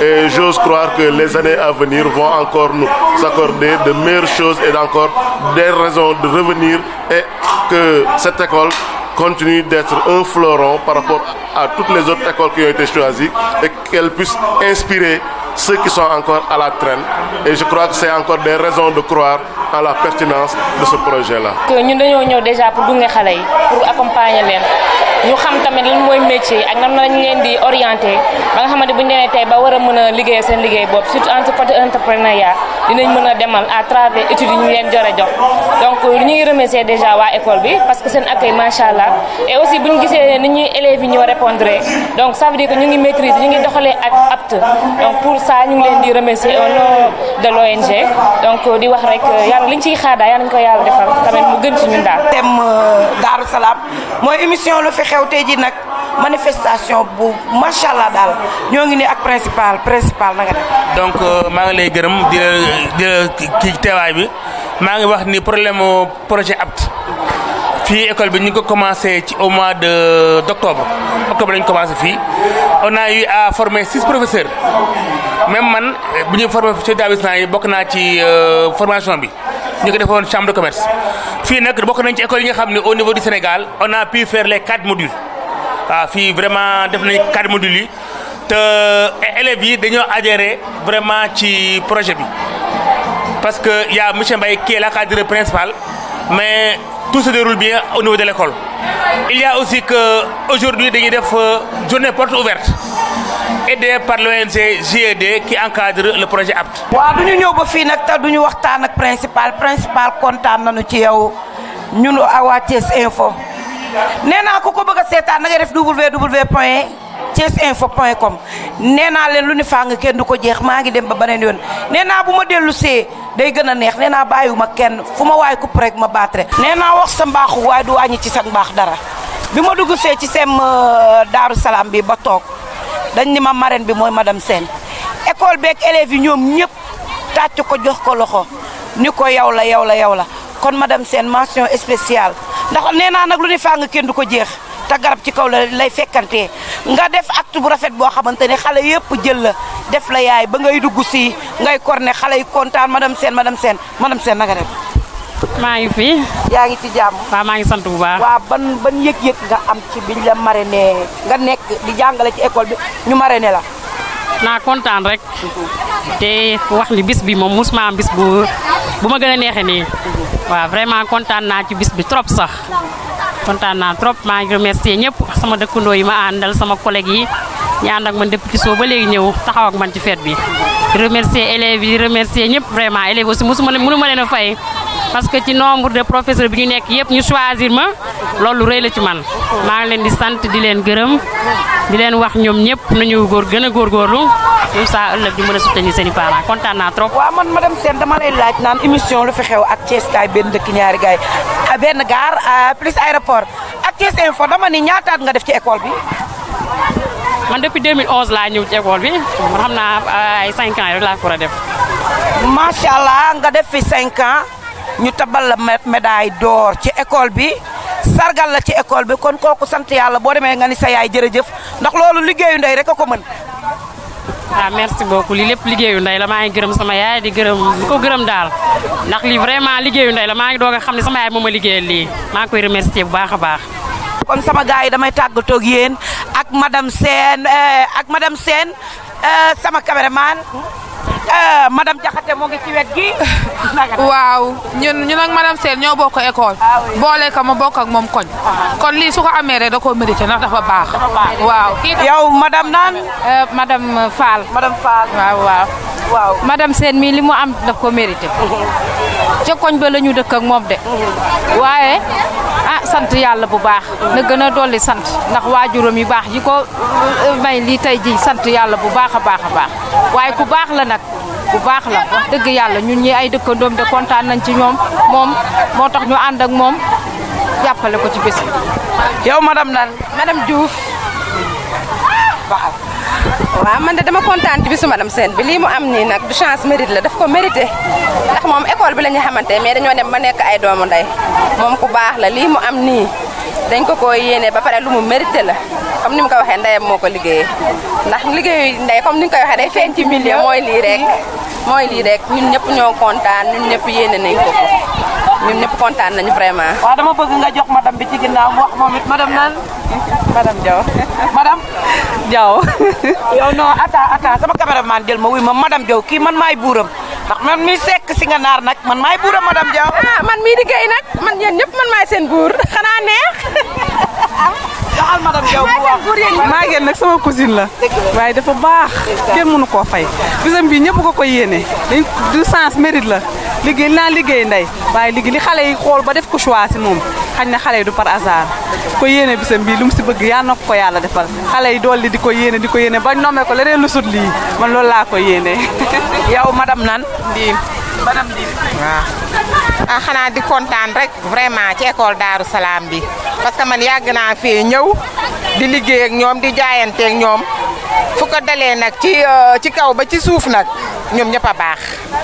Speaker 7: Et j'ose croire que les années à venir vont encore nous accorder de meilleures choses et encore des raisons de revenir et que cette école continue d'être un fleuron par rapport à toutes les autres écoles qui ont été choisies et qu'elles puissent inspirer ceux qui sont encore à la traîne. Et je crois que c'est encore des raisons de croire à la pertinence de ce projet-là.
Speaker 2: Nous sommes déjà accompagner ñu xam tamit lan mooy métier ak nan lañ leen di orienté ba nga xamante bu ñu demee tey ba war a mën a liggéey seen liggéey boobu surtout en côté entrepreneuriat dinañ mën a demal à travers études yi ñu leen jore jox donc ñu ngi remercier déjà waa école bi parce que seen accueil macha allah et aussi bu ñu gisee ni ñuy élèves yi ñoo répondre donc ça veut dire que ñu ngi maîtriser ñu ngi doxalee ak apte donc pour ça ñu ngi leen di remercier au nom de l'ONG donc di wax rek yàlla liñ ciy xaadaa yàlla ñu ko yàlla defal
Speaker 1: tamit mu gën ci ñun daal. thème euh, Darou Salam mooy émission lu fexe xew tey ji nak manifestation bu machallah dal daal ñoo ngi ne ak principal principal nga def. donc
Speaker 12: euh, ma nga lay gërëm di la di la kii bi ma nga wax ni problème projet apt fi école bi ñu ko commencé ci au mois de octobre octobre la commencé fi on a eu à former six professeurs même man bu ñu formé ci établissement yi bokk na ci euh, formation bi nous ko une chambre de commerce Fi nañ ci école yi nga au niveau du Sénégal on a pu faire les quatre modules Ah fi vraiment def nañ quatre modules yi te eh, élèves yi dañoo adhéré vraiment ci projet bi parce que y a monsieur Mbaye qui est la cadre principal mais tout se déroule bien au niveau de l'école il y a aussi que aujourd'hui dañuy def euh, journée porte ouverte aidé par l'ONG GED qui encadre le
Speaker 1: projet APT. waaw du ñu ñëw ba fii nag te du ñu waxtaan ak principal principal kontaan nañu ci yow ñun waa Thiès Info nee naa ku ko bëgg a seetaan na ngay def www point Thiès Info point com nee naa leen lu ni fàng kenn du ko jeex maa ngi dem ba beneen yoon nee bu ma dellu see day gëna neex nee naa bàyyiwuma kenn fu ma waay kupp rek ma baat rek. wax sa mbaaxu way du wàññi ci sa mbax dara bima ma dugg see ci sem euh, daru salam bi ba tok dañ ni ma marraine bi mooy madame Sène école beeg élèves ñoom ñëpp tàcc ko jox ko loxo ni ko yow la yow la yow la kon madame Sène mention spéciale ndax nee naa nag lu ne fàng kenn du ko jeex te garab ci kaw lay fekkante nga def acte bu rafet boo xamante ne xale yëpp jël la def la yaay ba ngay dugg si ngay korne xale yi kontaan madame Sène madame Sène madame Sène na nga def maa ngi fi. yaa ngi ci jàmm. waaw maa ngi sant bu baax. waaw ban ban yëg-yëg nga am ci biñ la marraine nga nekk di jàngale ci école bi ñu marraine
Speaker 2: la. naa kontaan rek. te wax ni bis bi moom mosuma am bis bu Buma ma gën a neexee nii. waaw vraiment kontaan naa ci bis bi trop sax. kontaan naa trop maa remercier ñëpp sama dëkkandoo yi ma àndal sama collègue yi ñu ànd ak man depuis ci ba léegi ñëw taxaw ak man ci fête bi. remercier élèves yi remercier ñëpp vraiment élèves aussi mosuma leen mënuma leen fay parce que ci nombre de professeurs bi ñu nekk yépp ñu choisir ma loolu reey la ci man maa ngi leen di sant di leen gërëm di leen wax ñoom ñëpp nañu góor gën a góorgóorlu comme ça ëllëg di mën a soutenir seen i parents
Speaker 1: content naa trop. waaw man madame Sène dama lay laaj naan émission lu fi xew ak Thiès kaay benn dëkk ñaari gaay ah, benn gaar ah, plus aéroport ak Thiès info dama ni ñaata nga def ci école bi.
Speaker 2: man depuis 2011 laa ñëw ci école bi man xam naa ah, ay 5 ans rek laa ko war def.
Speaker 1: macha allah nga def fi 5 ans. ñu tabal la médaille door ci école bi sargal la ci école bi kon kooku sant yàlla boo demee nga ni sa yaay jërëjëf ndax loolu liggéeyu ndey rek a ko mën.
Speaker 2: ah merci beaucoup lii lépp liggéeyu ndey la maa ngi gërëm sama yaay di gërëm di ko gërëm daal ndax lii vraiment liggéeyu nday la maa ngi doog xam ne sama yaay moom a liggéeyal lii maa koy remercier bu baax a baax. kon
Speaker 1: sama gars yi damay tàggatoo ak yéen ak madam Sène ak madame Sène eh, eh, sama caméraman. Euh, madame Diakhaté moo ngi ci wet gi. waaw ñun ñun ak madame seen ñoo bokk école. Ah boole ko ma bokk ak moom koñ. Ah. kon lii su ko amee ree da koo mérité na dafa baax. waaw yow madame naan. Euh, madame Fall. madame Fall waaw waaw. waaw madame Sène mii li mu am daf koo mérité. Mhm. ca koñ ba la ñu dëkk ak moom de. Mhm. waaye. ah sant yàlla bu baax na gën a dolli sant ndax waajuram yu baax yi ko euh, may lii tey ji sant yàlla bu baax a baax a baax waaye ku baax la nag bu baax la wax dëgg yàlla ñun ñi ay dëkkandoom de kontaan nañ ci ñoom moom moo tax ñu ànd ak moom jàppale ko ci bés yow madame nan madame Diouf waaw man de dama kontaan ci suma madame Sène bi lii mu am nii nag du chance mérite la daf ko mérité ndax moom école bi la ñu xamante mais dañoo dem ba nekk ay doomu ndey moom ku baax la lii mu am nii dañ ko ko yéene ba pare lu mu mérité la comme ni
Speaker 2: mu ko waxee ndeyam moo ko liggéeyee ndax liggéeyu ndey comme ni nga koy waxee day feeñ ci milieu mooy lii rek mooy lii rek ñun ñëpp ñoo kontaan ñun ñëpp yéene nañ ko ko ñun ñëpp kontaan
Speaker 1: nañu ah. vraiment waaw dama bëgg nga jox madame bi ci wax momit madame nan madame Diaw madame Diaw (laughs) yow no. Ata ata. sama cameraman jël ma wuy ma madame Diaw ki man may buuram ndax man mi sek si nga naar nak man may buuram madame Diaw ah man mi ya kan liggéey ya nak man yéen ñëpp man may seen buur xana neex waxal madame Diaw bu wax
Speaker 10: maa ngeen nag sama cousine la waaye dafa iya. baax kenn mënu fay bisam bi ñëpp ko yéene iya du sens mérite la liggéey naa liggéey ndey waaye liggéey li xale yi xool ba
Speaker 1: def ko choix moom xañ na xale yi du par hasard ko yéene bisam bii lu mu si bëgg yaa na ko yàlla defal xale yi dolli di ko yéene di ko yéene ba ko leneen lu sut lii man loolu laa ko yéene (laughs) yow madame nan di, madame di. waaw ah xanaa di kontaan rek vraiment ci école Daaru Salaam bi parce que man yàgg naa fii ñëw di liggéey ak ñoom di jaayante ak ñoom fu ko dalee nag ci euh, ci kaw ba ci suuf nag ñoom ñëpp a baax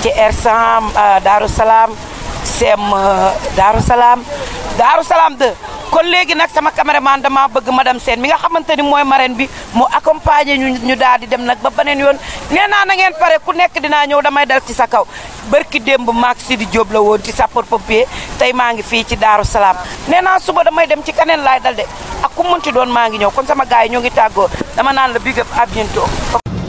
Speaker 1: ci Ersam uh, Darussalam, sem uh, Darussalam, Darussalam de. Kollegi nak kon sama cameraman dama bëgg madame Sen mi nga xamanteni moy marraine bi mo accompagner ñu ñu daal di dem nak ba benen yoon nee na ngeen pare ku nekk dina ñëw damay dal ci sa kaw barki demb mak Sidi job la woon ci sapeur pompier tay maangi fi ci Darussalam suba damay dem ci kanen lay dal de ak ku mënti doon maangi ñëw kon sama gaay ñu ngi taggo dama naan la big up à